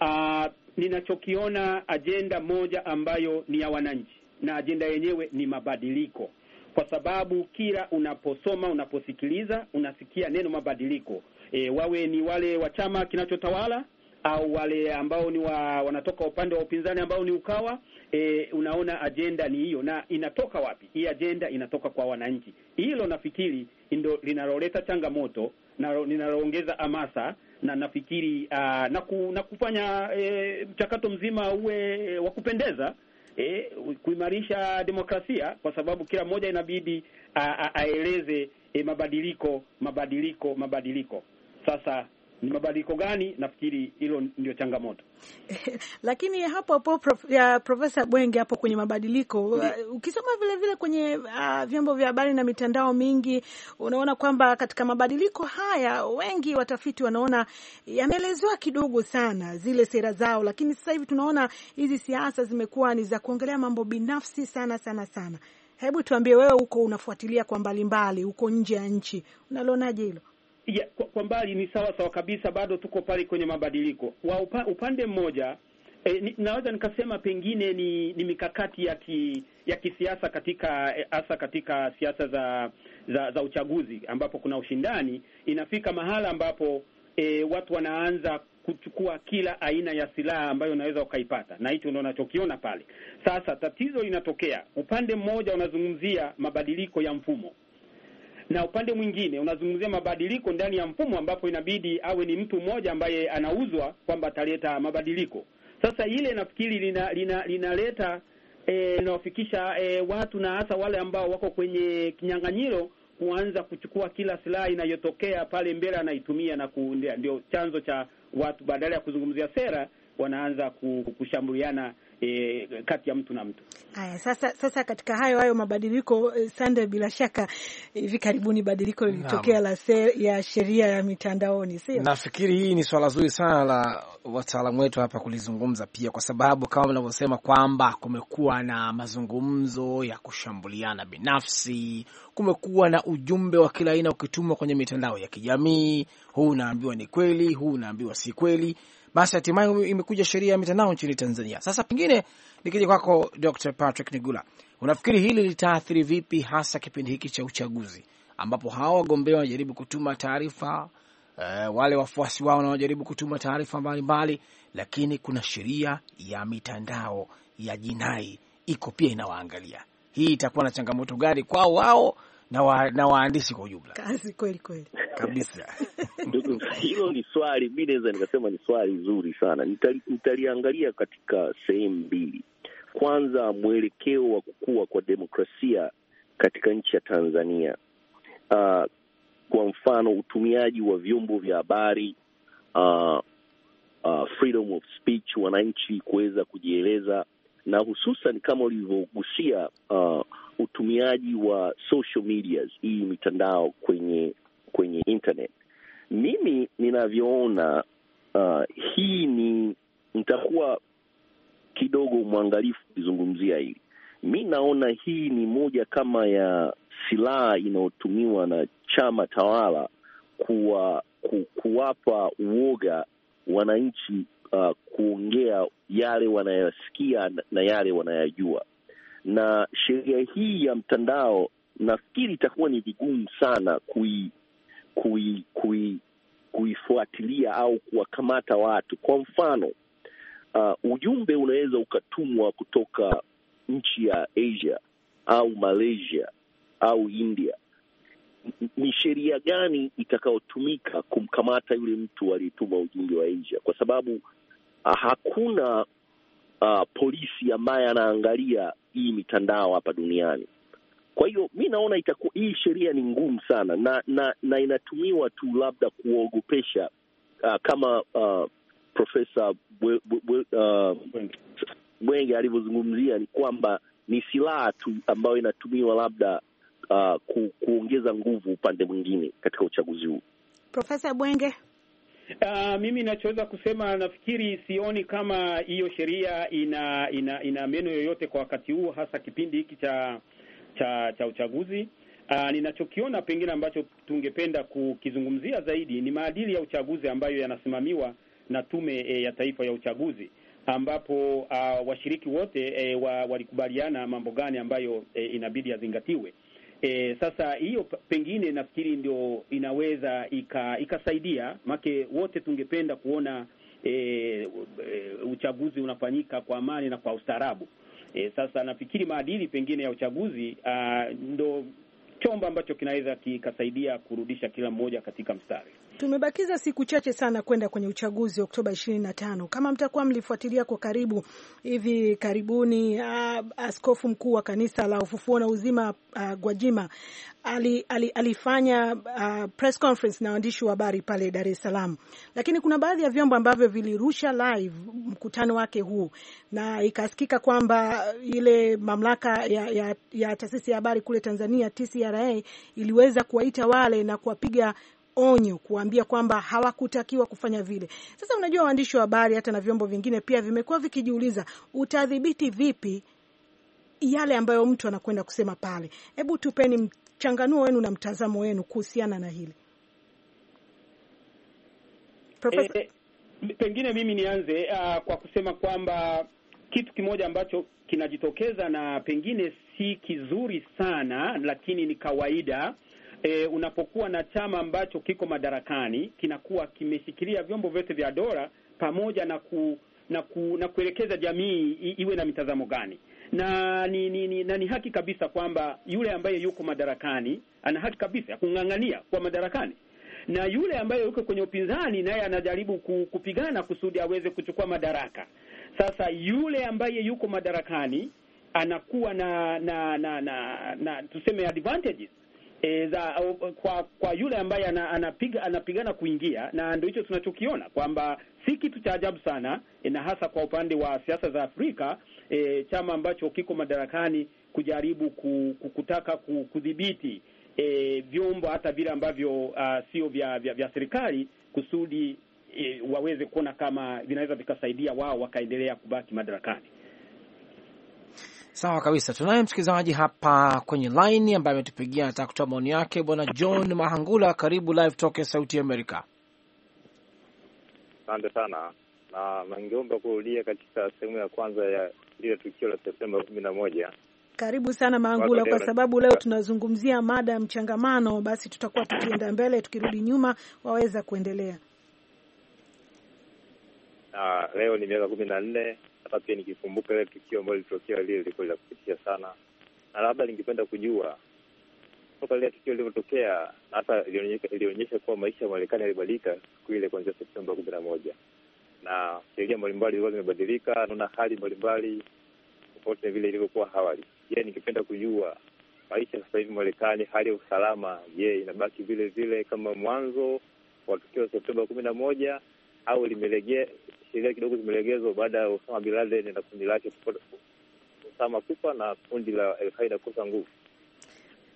uh, ninachokiona ajenda moja ambayo ni ya wananchi, na ajenda yenyewe ni mabadiliko, kwa sababu kila unaposoma, unaposikiliza, unasikia neno mabadiliko. E, wawe ni wale wa chama kinachotawala au wale ambao ni wa, wanatoka upande wa upinzani ambao ni Ukawa. E, unaona ajenda ni hiyo, na inatoka wapi hii ajenda? Inatoka kwa wananchi. Hilo nafikiri ndio linaloleta changamoto na linaloongeza hamasa na nafikiri uh, na, ku, na kufanya e, mchakato mzima uwe e, wa kupendeza e, kuimarisha demokrasia kwa sababu kila mmoja inabidi aeleze e, mabadiliko mabadiliko mabadiliko. Sasa ni mabadiliko gani? Nafikiri hilo ndio changamoto lakini hapo hapo prof, ya Profesa Bwenge hapo kwenye mabadiliko mm Uh, ukisoma vile vile kwenye uh, vyombo vya habari na mitandao mingi unaona kwamba katika mabadiliko haya wengi watafiti wanaona yameelezewa kidogo sana zile sera zao, lakini sasa hivi tunaona hizi siasa zimekuwa ni za kuongelea mambo binafsi sana sana sana. Hebu tuambie wewe, huko unafuatilia kwa mbalimbali huko nje ya nchi, unalionaje hilo? ya, kwa, kwa mbali ni sawa sawa kabisa, bado tuko pale kwenye mabadiliko wa upa, upande mmoja E, ni, naweza nikasema pengine ni, ni mikakati ya ki, ya kisiasa katika e, hasa katika siasa za, za za uchaguzi ambapo kuna ushindani, inafika mahala ambapo e, watu wanaanza kuchukua kila aina ya silaha ambayo unaweza ukaipata, na hicho ndio unachokiona pale. Sasa tatizo linatokea, upande mmoja unazungumzia mabadiliko ya mfumo na upande mwingine unazungumzia mabadiliko ndani ya mfumo, ambapo inabidi awe ni mtu mmoja ambaye anauzwa kwamba ataleta mabadiliko. Sasa ile nafikiri linaleta lina, lina e, linawafikisha e, watu na hasa wale ambao wako kwenye kinyang'anyiro kuanza kuchukua kila silaha inayotokea pale mbele anaitumia na kuundia, ndio chanzo cha watu badala ya kuzungumzia sera wanaanza kushambuliana e, kati ya mtu na mtu. Aya, sasa sasa, katika hayo hayo mabadiliko eh, Sande, bila shaka hivi karibuni badiliko lilitokea la ya sheria ya mitandaoni, sio? Nafikiri hii ni swala zuri sana la wataalamu wetu hapa kulizungumza pia, kwa sababu kama mnavyosema kwamba kumekuwa na mazungumzo ya kushambuliana binafsi, kumekuwa na ujumbe wa kila aina ukitumwa kwenye mitandao ya kijamii, huu unaambiwa ni kweli, huu unaambiwa si kweli basi hatimaye imekuja sheria ya mitandao nchini Tanzania. Sasa pengine nikija kwako Dr. Patrick Nigula, unafikiri hili litaathiri vipi hasa kipindi hiki cha uchaguzi ambapo hawa wagombea wanajaribu kutuma taarifa e, wale wafuasi wao wanajaribu kutuma taarifa mbalimbali, lakini kuna sheria ya mitandao ya jinai iko pia inawaangalia. Hii itakuwa na changamoto gani kwao wao na, wa, na waandishi kwa ujumla. Kazi kweli kweli kabisa. Hilo ni swali, mi naweza nikasema ni swali zuri sana, nitaliangalia katika sehemu mbili. Kwanza, mwelekeo wa kukua kwa demokrasia katika nchi ya Tanzania. Uh, kwa mfano utumiaji wa vyombo vya habari uh, uh, freedom of speech, wananchi kuweza kujieleza na hususan kama ulivyogusia uh, utumiaji wa social medias, hii mitandao kwenye kwenye internet. Mimi ninavyoona uh, hii ni nitakuwa kidogo mwangalifu ukizungumzia hili. Mi naona hii ni moja kama ya silaha inayotumiwa na chama tawala kuwa ku, kuwapa uoga wananchi uh, kuongea yale wanayosikia na yale wanayajua. Na sheria hii ya mtandao nafikiri itakuwa ni vigumu sana kui, kui, kui, kuifuatilia au kuwakamata watu. Kwa mfano uh, ujumbe unaweza ukatumwa kutoka nchi ya Asia au Malaysia au India. Ni sheria gani itakayotumika kumkamata yule mtu aliyetuma ujumbe wa Asia? Kwa sababu Ah, hakuna uh, polisi ambaye anaangalia hii mitandao hapa duniani. Kwa hiyo mi naona itakuwa hii sheria ni ngumu sana na na, na inatumiwa tu labda kuwaogopesha uh, ah, kama uh, Profesa Bwenge uh, alivyozungumzia ni kwamba ni silaha tu ambayo inatumiwa labda uh, ku, kuongeza nguvu upande mwingine katika uchaguzi huu. Profesa Bwenge. Uh, mimi nachoweza kusema nafikiri sioni kama hiyo sheria ina ina ina meno yoyote kwa wakati huu, hasa kipindi hiki cha cha cha uchaguzi. Uh, ninachokiona pengine ambacho tungependa kukizungumzia zaidi ni maadili ya uchaguzi ambayo yanasimamiwa na Tume e, ya Taifa ya Uchaguzi ambapo uh, washiriki wote e, wa, walikubaliana mambo gani ambayo e, inabidi yazingatiwe. E, sasa hiyo pengine nafikiri ndio inaweza ika, ikasaidia make wote tungependa kuona e, e, uchaguzi unafanyika kwa amani na kwa ustaarabu. E, sasa nafikiri maadili pengine ya uchaguzi ndo chombo ambacho kinaweza kikasaidia kurudisha kila mmoja katika mstari. Tumebakiza siku chache sana kwenda kwenye uchaguzi Oktoba 25. Kama mtakuwa mlifuatilia kwa karibu hivi karibuni, uh, askofu mkuu wa kanisa la ufufuo na uzima uh, Gwajima ali, ali, alifanya uh, press conference na waandishi wa habari pale Dar es Salaam, lakini kuna baadhi ya vyombo ambavyo vilirusha live mkutano wake huu na ikasikika kwamba ile mamlaka ya, ya, ya taasisi ya habari kule Tanzania TCRA iliweza kuwaita wale na kuwapiga onyo kuambia kwamba hawakutakiwa kufanya vile. Sasa unajua, waandishi wa habari hata na vyombo vingine pia vimekuwa vikijiuliza utadhibiti vipi yale ambayo mtu anakwenda kusema pale. Hebu tupeni mchanganuo wenu na mtazamo wenu kuhusiana na hili Professor... eh, pengine mimi nianze uh, kwa kusema kwamba kitu kimoja ambacho kinajitokeza na pengine si kizuri sana, lakini ni kawaida e, unapokuwa na chama ambacho kiko madarakani kinakuwa kimeshikilia vyombo vyote vya dola pamoja na ku, na, ku, na kuelekeza jamii i, iwe na mitazamo gani na ni, ni, ni, na ni haki kabisa kwamba yule ambaye yuko madarakani ana haki kabisa ya kung'ang'ania kwa madarakani na yule ambaye yuko kwenye upinzani naye anajaribu kupigana kusudi aweze kuchukua madaraka. Sasa yule ambaye yuko madarakani anakuwa na na, na, na, na tuseme advantages e, za, kwa kwa yule ambaye anapiga anapigana kuingia, na ndio hicho tunachokiona kwamba si kitu cha ajabu sana e, na hasa kwa upande wa siasa za Afrika e, chama ambacho kiko madarakani kujaribu kutaka kudhibiti e, vyombo hata vile ambavyo uh, sio vya, vya, vya serikali kusudi e, waweze kuona kama vinaweza vikasaidia wao wakaendelea kubaki madarakani. Sawa kabisa. Tunaye msikilizaji hapa kwenye laini ambaye ametupigia anataka kutoa maoni yake. Bwana John Mahangula, karibu Live Talk ya Sauti Amerika. Asante sana na nangeomba kurudia katika sehemu ya kwanza ya lile tukio la Septemba kumi na moja. Karibu sana Maangula, kwa sababu leo tunazungumzia mada ya mchangamano, basi tutakuwa tukienda mbele, tukirudi nyuma, waweza kuendelea. Na ah, leo ni miaka kumi na nne hata pia nikikumbuka ile tukio ambalo lilitokea lile liko la kupitia sana, na labda ningependa kujua toka lile tukio lilivyotokea, na hata ilionyesha kuwa maisha ya Marekani yalibadilika siku ile kuanzia Septemba kumi na moja na sheria mbalimbali zilikuwa zimebadilika, naona hali mbalimbali tofauti na vile ilivyokuwa awali. Je, ningependa kujua maisha sasa hivi Marekani, hali ya usalama, je, inabaki vile vile kama mwanzo wa tukio la Septemba kumi na moja au limelegea sheria kidogo zimelegezwa baada ya Osama bin Laden na kundi lake Osama kufa na kundi la Alqaida kukosa nguvu.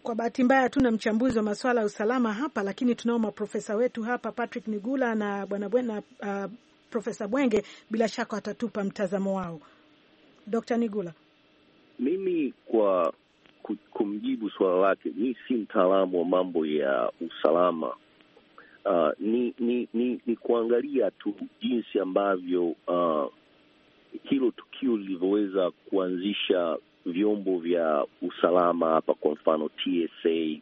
Kwa bahati mbaya hatuna mchambuzi wa masuala ya usalama hapa, lakini tunao maprofesa wetu hapa, Patrick Nigula na bwana bwana uh, Profesa Bwenge, bila shaka watatupa mtazamo wao. Dr. Nigula, mimi kwa kumjibu suala lake, mi si mtaalamu wa mambo ya usalama uh, ni, ni, ni, ni kuangalia tu jinsi ambavyo uh, hilo tukio lilivyoweza kuanzisha vyombo vya usalama hapa, kwa mfano TSA,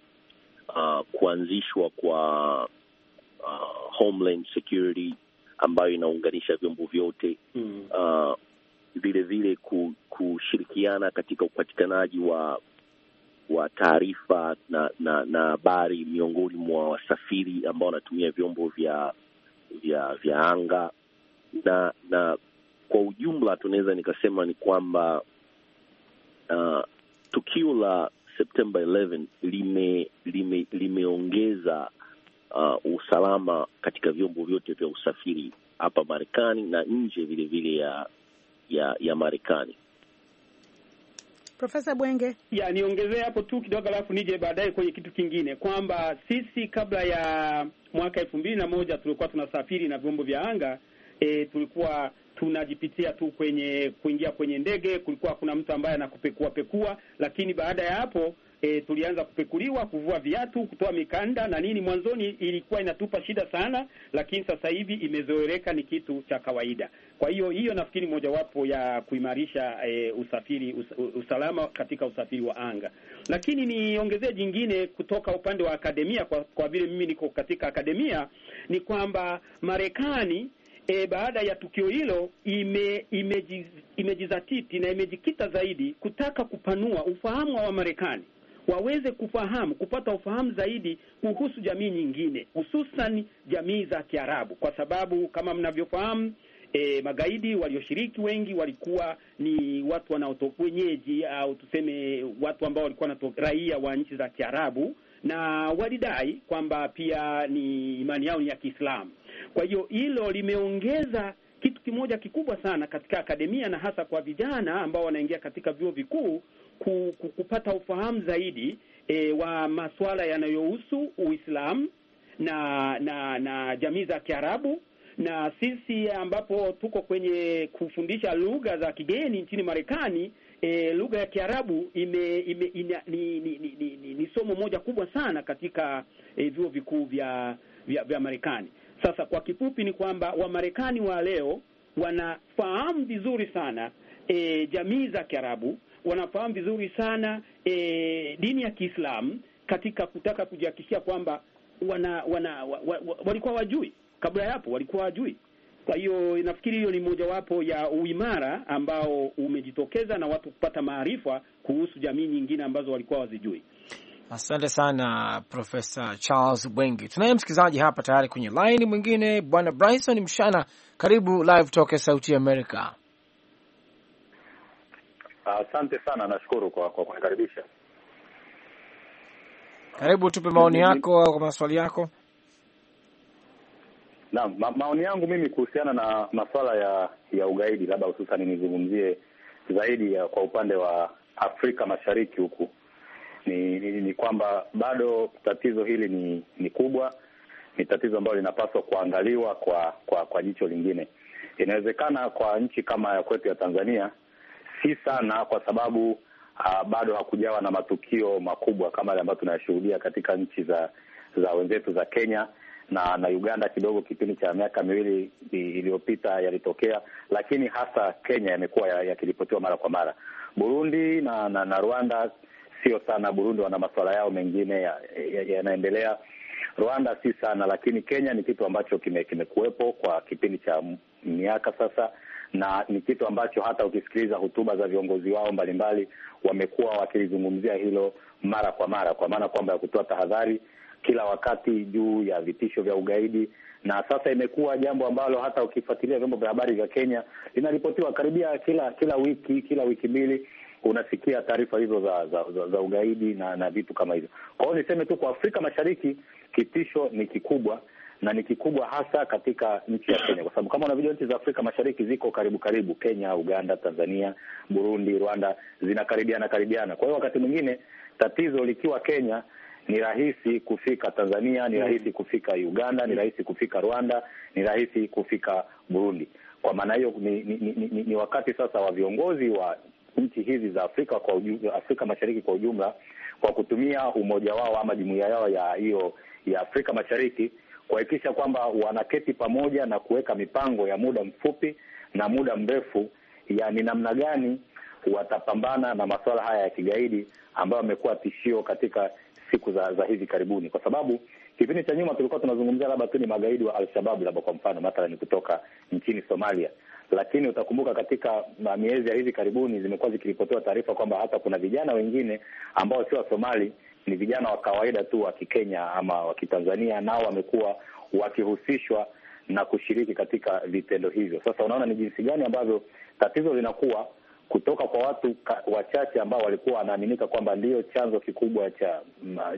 uh, kuanzishwa kwa uh, Homeland Security ambayo inaunganisha vyombo vyote vilevile mm. uh, vile kushirikiana katika upatikanaji wa wa taarifa na na na habari miongoni mwa wasafiri ambao wanatumia vyombo vya vya vya anga na na kwa ujumla tunaweza nikasema ni kwamba uh, tukio la Septemba 11 lime lime limeongeza uh, usalama katika vyombo vyote vya usafiri hapa Marekani na nje vilevile ya ya, ya Marekani. Profesa Bwenge, ya niongezee hapo tu kidogo, alafu nije baadaye kwenye kitu kingine, kwamba sisi kabla ya mwaka elfu mbili na moja tulikuwa tunasafiri na vyombo vya anga e, tulikuwa tunajipitia tu kwenye kuingia kwenye ndege, kulikuwa kuna mtu ambaye anakupekua pekua, lakini baada ya hapo e, tulianza kupekuliwa, kuvua viatu, kutoa mikanda na nini. Mwanzoni ilikuwa inatupa shida sana, lakini sasa hivi imezoeleka, ni kitu cha kawaida. Kwa hiyo hiyo nafikiri mojawapo ya kuimarisha e, usafiri us, usalama katika usafiri wa anga. Lakini niongezee jingine kutoka upande wa akademia, kwa, kwa vile mimi niko katika akademia, ni kwamba Marekani E, baada ya tukio hilo ime, imejiz, imejizatiti na imejikita zaidi kutaka kupanua ufahamu wa Wamarekani waweze kufahamu, kupata ufahamu zaidi kuhusu jamii nyingine, hususan jamii za Kiarabu, kwa sababu kama mnavyofahamu E, magaidi walioshiriki wengi walikuwa ni watu wanaotoka wenyeji au tuseme watu ambao walikuwa wanatoka raia wa nchi za Kiarabu, na walidai kwamba pia ni imani yao ni ya Kiislamu. Kwa hiyo hilo limeongeza kitu kimoja kikubwa sana katika akademia na hasa kwa vijana ambao wanaingia katika vyuo vikuu kupata ufahamu zaidi e, wa masuala yanayohusu Uislamu na na na jamii za Kiarabu na sisi ambapo tuko kwenye kufundisha lugha za kigeni nchini Marekani. E, lugha ya Kiarabu ime, ime ina, ni, ni, ni, ni, ni, ni somo moja kubwa sana katika e, vyuo vikuu vya, vya, vya Marekani. Sasa kwa kifupi ni kwamba Wamarekani wa leo wanafahamu vizuri sana e, jamii za Kiarabu wanafahamu vizuri sana e, dini ya Kiislamu katika kutaka kujihakikishia kwamba wana, wana wa, wa, wa, walikuwa wajui kabla ya hapo walikuwa wajui. Kwa hiyo nafikiri hiyo ni mojawapo ya uimara ambao umejitokeza na watu kupata maarifa kuhusu jamii nyingine ambazo walikuwa wazijui. Asante sana Profesa Charles Bwengi. Tunaye msikilizaji hapa tayari kwenye line mwingine, Bwana Bryson Mshana, karibu Live Talk ya Sauti Amerika. Asante sana, nashukuru kwa kwa kunikaribisha. Karibu, tupe maoni yako au kwa maswali yako. Naam, ma maoni yangu mimi kuhusiana na masuala ya ya ugaidi, labda hususan nizungumzie zaidi ya kwa upande wa Afrika Mashariki huku ni, ni, ni kwamba bado tatizo hili ni ni kubwa, ni tatizo ambalo linapaswa kuangaliwa kwa kwa kwa jicho lingine. Inawezekana kwa nchi kama ya kwetu ya Tanzania si sana, kwa sababu uh, bado hakujawa na matukio makubwa kama yale ambayo tunayashuhudia katika nchi za za wenzetu za Kenya na na Uganda kidogo kipindi cha miaka miwili iliyopita yalitokea, lakini hasa Kenya yamekuwa yakiripotiwa ya mara kwa mara. Burundi na na, na Rwanda sio sana. Burundi wana masuala yao mengine yanaendelea ya, ya Rwanda si sana, lakini Kenya ni kitu ambacho kime, kimekuwepo kwa kipindi cha miaka sasa, na ni kitu ambacho hata ukisikiliza hotuba za viongozi wao mbalimbali wamekuwa wakilizungumzia hilo mara kwa mara, kwa maana kwamba ya kutoa tahadhari kila wakati juu ya vitisho vya ugaidi na sasa imekuwa jambo ambalo hata ukifuatilia vyombo vya habari vya Kenya linaripotiwa karibia kila kila wiki kila wiki mbili unasikia taarifa hizo za za, za za ugaidi na na vitu kama hivyo. Kwa hiyo niseme tu kwa Afrika Mashariki kitisho ni kikubwa, na ni kikubwa hasa katika nchi ya Kenya, kwa sababu kama unavyojua nchi za Afrika Mashariki ziko karibu karibu, Kenya, Uganda, Tanzania, Burundi, Rwanda zinakaribiana karibiana. Kwa hiyo wakati mwingine tatizo likiwa Kenya ni rahisi kufika Tanzania, ni rahisi kufika Uganda, ni rahisi kufika Rwanda, ni rahisi kufika Burundi. Kwa maana hiyo ni, ni, ni, ni, ni wakati sasa wa viongozi wa nchi hizi za Afrika kwa uju, Afrika Mashariki kwa ujumla, kwa kutumia umoja wao ama jumuiya yao ya hiyo ya Afrika Mashariki kuhakikisha kwamba wanaketi pamoja na kuweka mipango ya muda mfupi na muda mrefu ya ni namna gani watapambana na masuala haya ya kigaidi ambayo amekuwa tishio katika siku za, za hivi karibuni, kwa sababu kipindi cha nyuma tulikuwa tunazungumzia labda tu ni magaidi wa Alshababu, labda kwa mfano mathalani kutoka nchini Somalia, lakini utakumbuka katika miezi ya hivi karibuni zimekuwa zikiripotiwa taarifa kwamba hata kuna vijana wengine ambao sio Wasomali ni vijana wa kawaida tu wa Kikenya ama wa Kitanzania, nao wamekuwa wakihusishwa na kushiriki katika vitendo hivyo. Sasa unaona ni jinsi gani ambavyo tatizo linakuwa kutoka kwa watu wachache ambao walikuwa wanaaminika kwamba ndiyo chanzo kikubwa cha,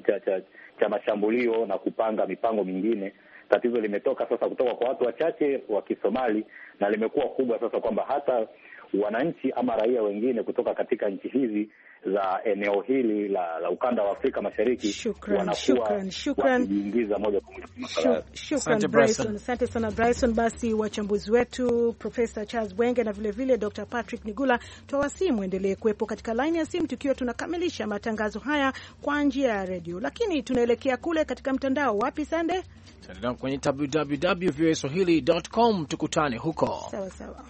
cha, cha, cha mashambulio na kupanga mipango mingine. Tatizo limetoka sasa kutoka kwa watu wachache wa Kisomali na limekuwa kubwa sasa kwamba hata wananchi ama raia wengine kutoka katika nchi hizi za eneo hili la, la ukanda wa Afrika Mashariki wanakuwa moja kwa moja. asante sana Bryson. Basi wachambuzi wetu Profesa Charles Bwenge na vilevile Dr Patrick Nigula, twawasii mwendelee kuwepo katika laini ya simu tukiwa tunakamilisha matangazo haya kwa njia ya redio, lakini tunaelekea kule katika mtandao. Wapi Sande? Kwenye www tukutane huko. Sawa sawa.